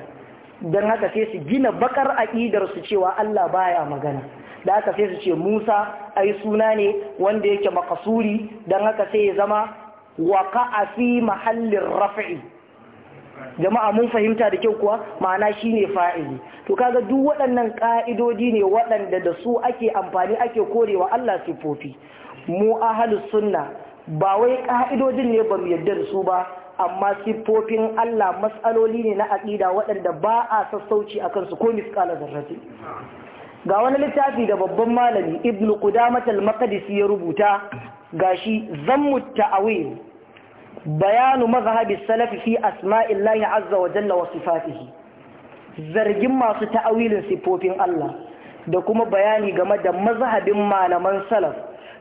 dan haka sai su gina bakar aqidar su cewa Allah baya magana da haka sai su ce Musa ai suna ne wanda yake makasuri dan haka sai ya zama waqa'a fi mahallin raf'i jama'a mun fahimta da kyau kuwa ma'ana shine fa'ili to kaga duk waɗannan ka'idodi ne waɗanda da su ake amfani ake korewa Allah sifofi mu ahlus sunna ba wai ka'idodin ne ba mu yarda da su ba amma siffofin Allah matsaloli ne na aƙida waɗanda ba a sassauci a kansu ko misƙala zarrati ga wani littafi da babban malami ibn kudamatal al ya rubuta ga gashi zammu ta'awil bayanu mazhabi salafi fi asma'illahi azza wa jalla wa sifatihi zargin masu ta'awilin siffofin Allah da kuma bayani game da mazhabin malaman salaf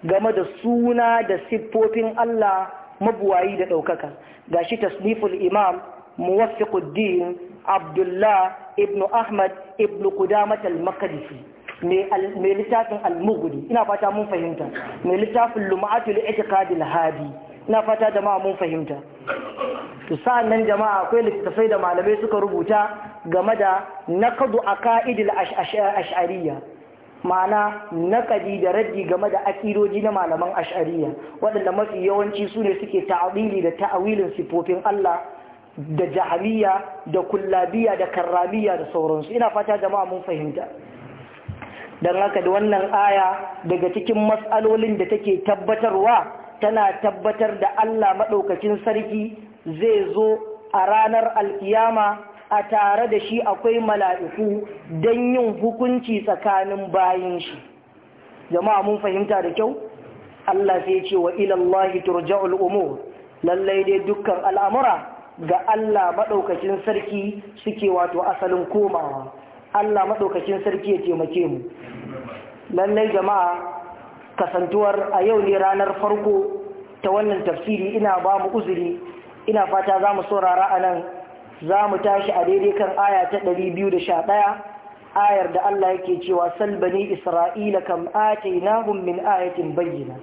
game da suna da siffofin Allah mabuwayi da ɗaukaka gashi tasniful imam muwaffiquddin abdullah ibn ahmad ibn qudamat al mai littafin al-mughni ina fata mun fahimta mai littafin lum'atul i'tiqad al-hadi ina fata jama'a mun fahimta to sa'an nan jama'a akwai littafai da malamai suka rubuta game da naqdu aqaidil ash'ariyya ma'ana naƙadi da raddi game da aƙidoji na malaman ash'ariya waɗanda mafi yawanci su ne suke ta'awili da ta'awilin sifofin Allah da jahamiya da kullabiya da karramiya da sauransu ina fata jama'a mun fahimta don haka da wannan aya daga cikin matsalolin da take tabbatarwa tana tabbatar da Allah maɗaukacin sarki zai zo a ranar alkiyama a tare da shi akwai mala'iku don yin hukunci tsakanin bayan shi jama'a mun fahimta da kyau Allah sai ce wa ilallahi turja'ul umur lallai dai dukkan al'amura ga Allah maɗaukacin sarki suke wato asalin komawa Allah maɗaukacin sarki ya taimake mu lallai jama'a kasantuwar a yau ne ranar farko ta wannan tafsiri ina ba mu uzuri ina fata za mu saurara a nan za mu tashi a daidai kan aya ta ɗari biyu da sha ɗaya, ayar da Allah yake cewa salbani isra'ila kam atainahum min ayatin bayyana.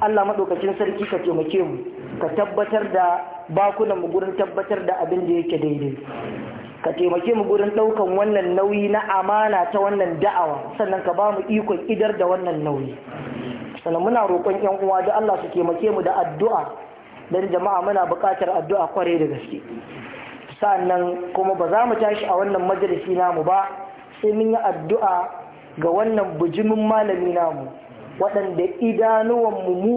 Allah maɗaukacin sarki ka taimake mu ka tabbatar da bakunan mu gurin tabbatar da abin da yake daidai ka taimake mu gurin ɗaukan wannan nauyi na amana ta wannan da'awa sannan ka ba mu ikon idar da wannan nauyi sannan muna roƙon yan uwa da Allah su taimake mu da addu'a dan jama'a muna buƙatar addu'a kware da gaske sannan kuma ba za mu tashi a wannan majalisi namu ba sai mun yi addu'a ga wannan bujimin malami namu waɗanda idanuwanmu mu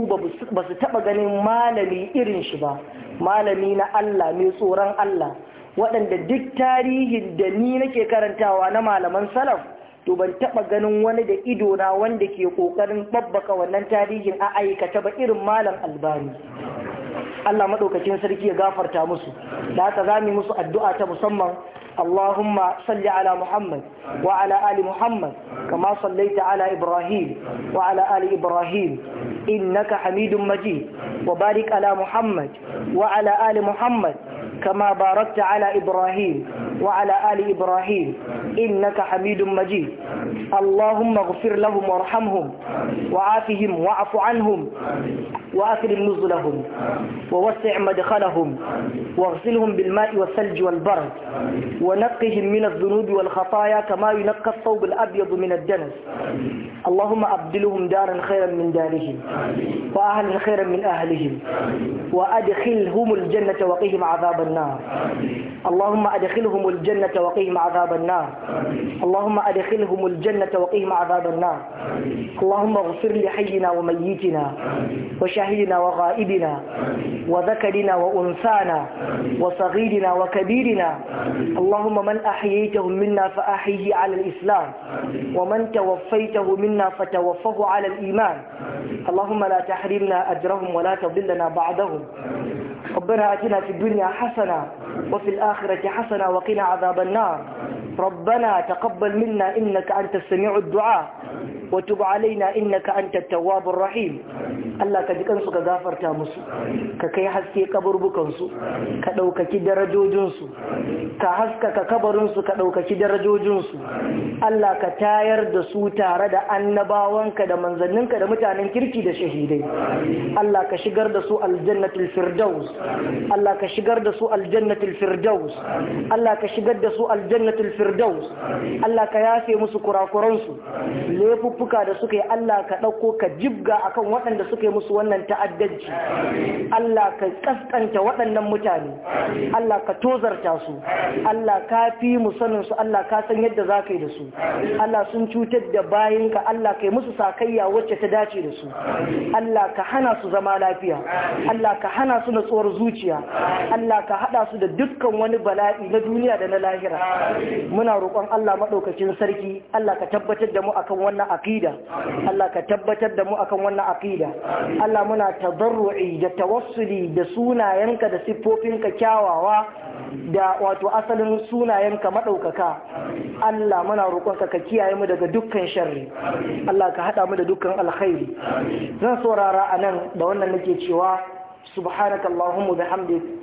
ba su taɓa ganin malami irin shi ba malami na Allah mai tsoron Allah waɗanda duk tarihin da ni nake karantawa na malaman salaf to ban taɓa ganin wani da ido na wanda ke ƙoƙarin babbaka wannan tarihin a aikata ba irin malam albani Allah madaukakin sarki ya gafarta musu da haka zamu musu addu'a ta musamman اللهم صل على محمد وعلى آل محمد كما صليت على إبراهيم وعلى آل إبراهيم إنك حميد مجيد وبارك على محمد وعلى آل محمد كما باركت على إبراهيم وعلى آل إبراهيم إنك حميد مجيد اللهم اغفر لهم وارحمهم وعافهم واعف عنهم وأكرم نزلهم ووسع مدخلهم واغسلهم بالماء والثلج والبرد ونقهم من الذنوب والخطايا كما ينقى الثوب الأبيض من الدنس اللهم أبدلهم دارا خيرا من دارهم وأهلا خيرا من أهلهم وأدخلهم الجنة وقهم عذاب النار اللهم أدخلهم الجنة وقهم عذاب النار اللهم أدخلهم الجنة وقهم عذاب النار اللهم اغفر لحينا وميتنا وشهيدنا وغائبنا وذكرنا وأنثانا وصغيرنا وكبيرنا اللهم من أحييته منا فأحيه على الإسلام ومن توفيته منا فتوفه على الإيمان اللهم لا تحرمنا أجرهم ولا تضلنا بعدهم ربنا أتنا في الدنيا حسنة وفي الآخرة الآخرة حسنة وقنا عذاب النار ربنا تقبل منا إنك أنت السميع الدعاء وتب علينا إنك أنت التواب الرحيم الله كدكنسو كغافر تامسو ككي حسكي قبر بكنسو كدوكك درجو جنسو كحسكك كبرنسو كدوكك درجو جنسو الله كتاير دسو تارد أنباوانك دمنزننك دمتانن كركي دشهيدين الله كشغر دسو الجنة الفردوس الله كشغر دسو الجنة الفردوس Allah ka shigar da su aljannatul firdaus Allah ka yafe musu kurakuransu laifuffuka da suka yi Allah ka ɗauko ka jibga akan waɗanda suka yi musu wannan ta'addanci Allah ka kaskanta waɗannan mutane Allah ka tozarta su Allah ka fi mu sanin su Allah ka san yadda za ka yi da su Allah sun cutar da ka, Allah ka yi musu sakayya wacce ta dace da su Allah ka hana su zama lafiya Allah ka hana su natsuwar zuciya Allah ka hada su da dukkan wani wani bala'i na duniya da na lahira muna roƙon Allah maɗaukacin sarki Allah ka tabbatar da mu akan wannan aqida Allah ka tabbatar da mu akan wannan aqida Allah muna tadarru'i da tawassuli da sunayenka da siffofinka kyawawa da wato asalin sunayenka maɗaukaka Allah muna roƙonka ka kiyaye mu daga dukkan sharri Allah ka haɗa mu da dukkan alkhairi zan saurara anan da wannan nake cewa subhanakallahumma bihamdika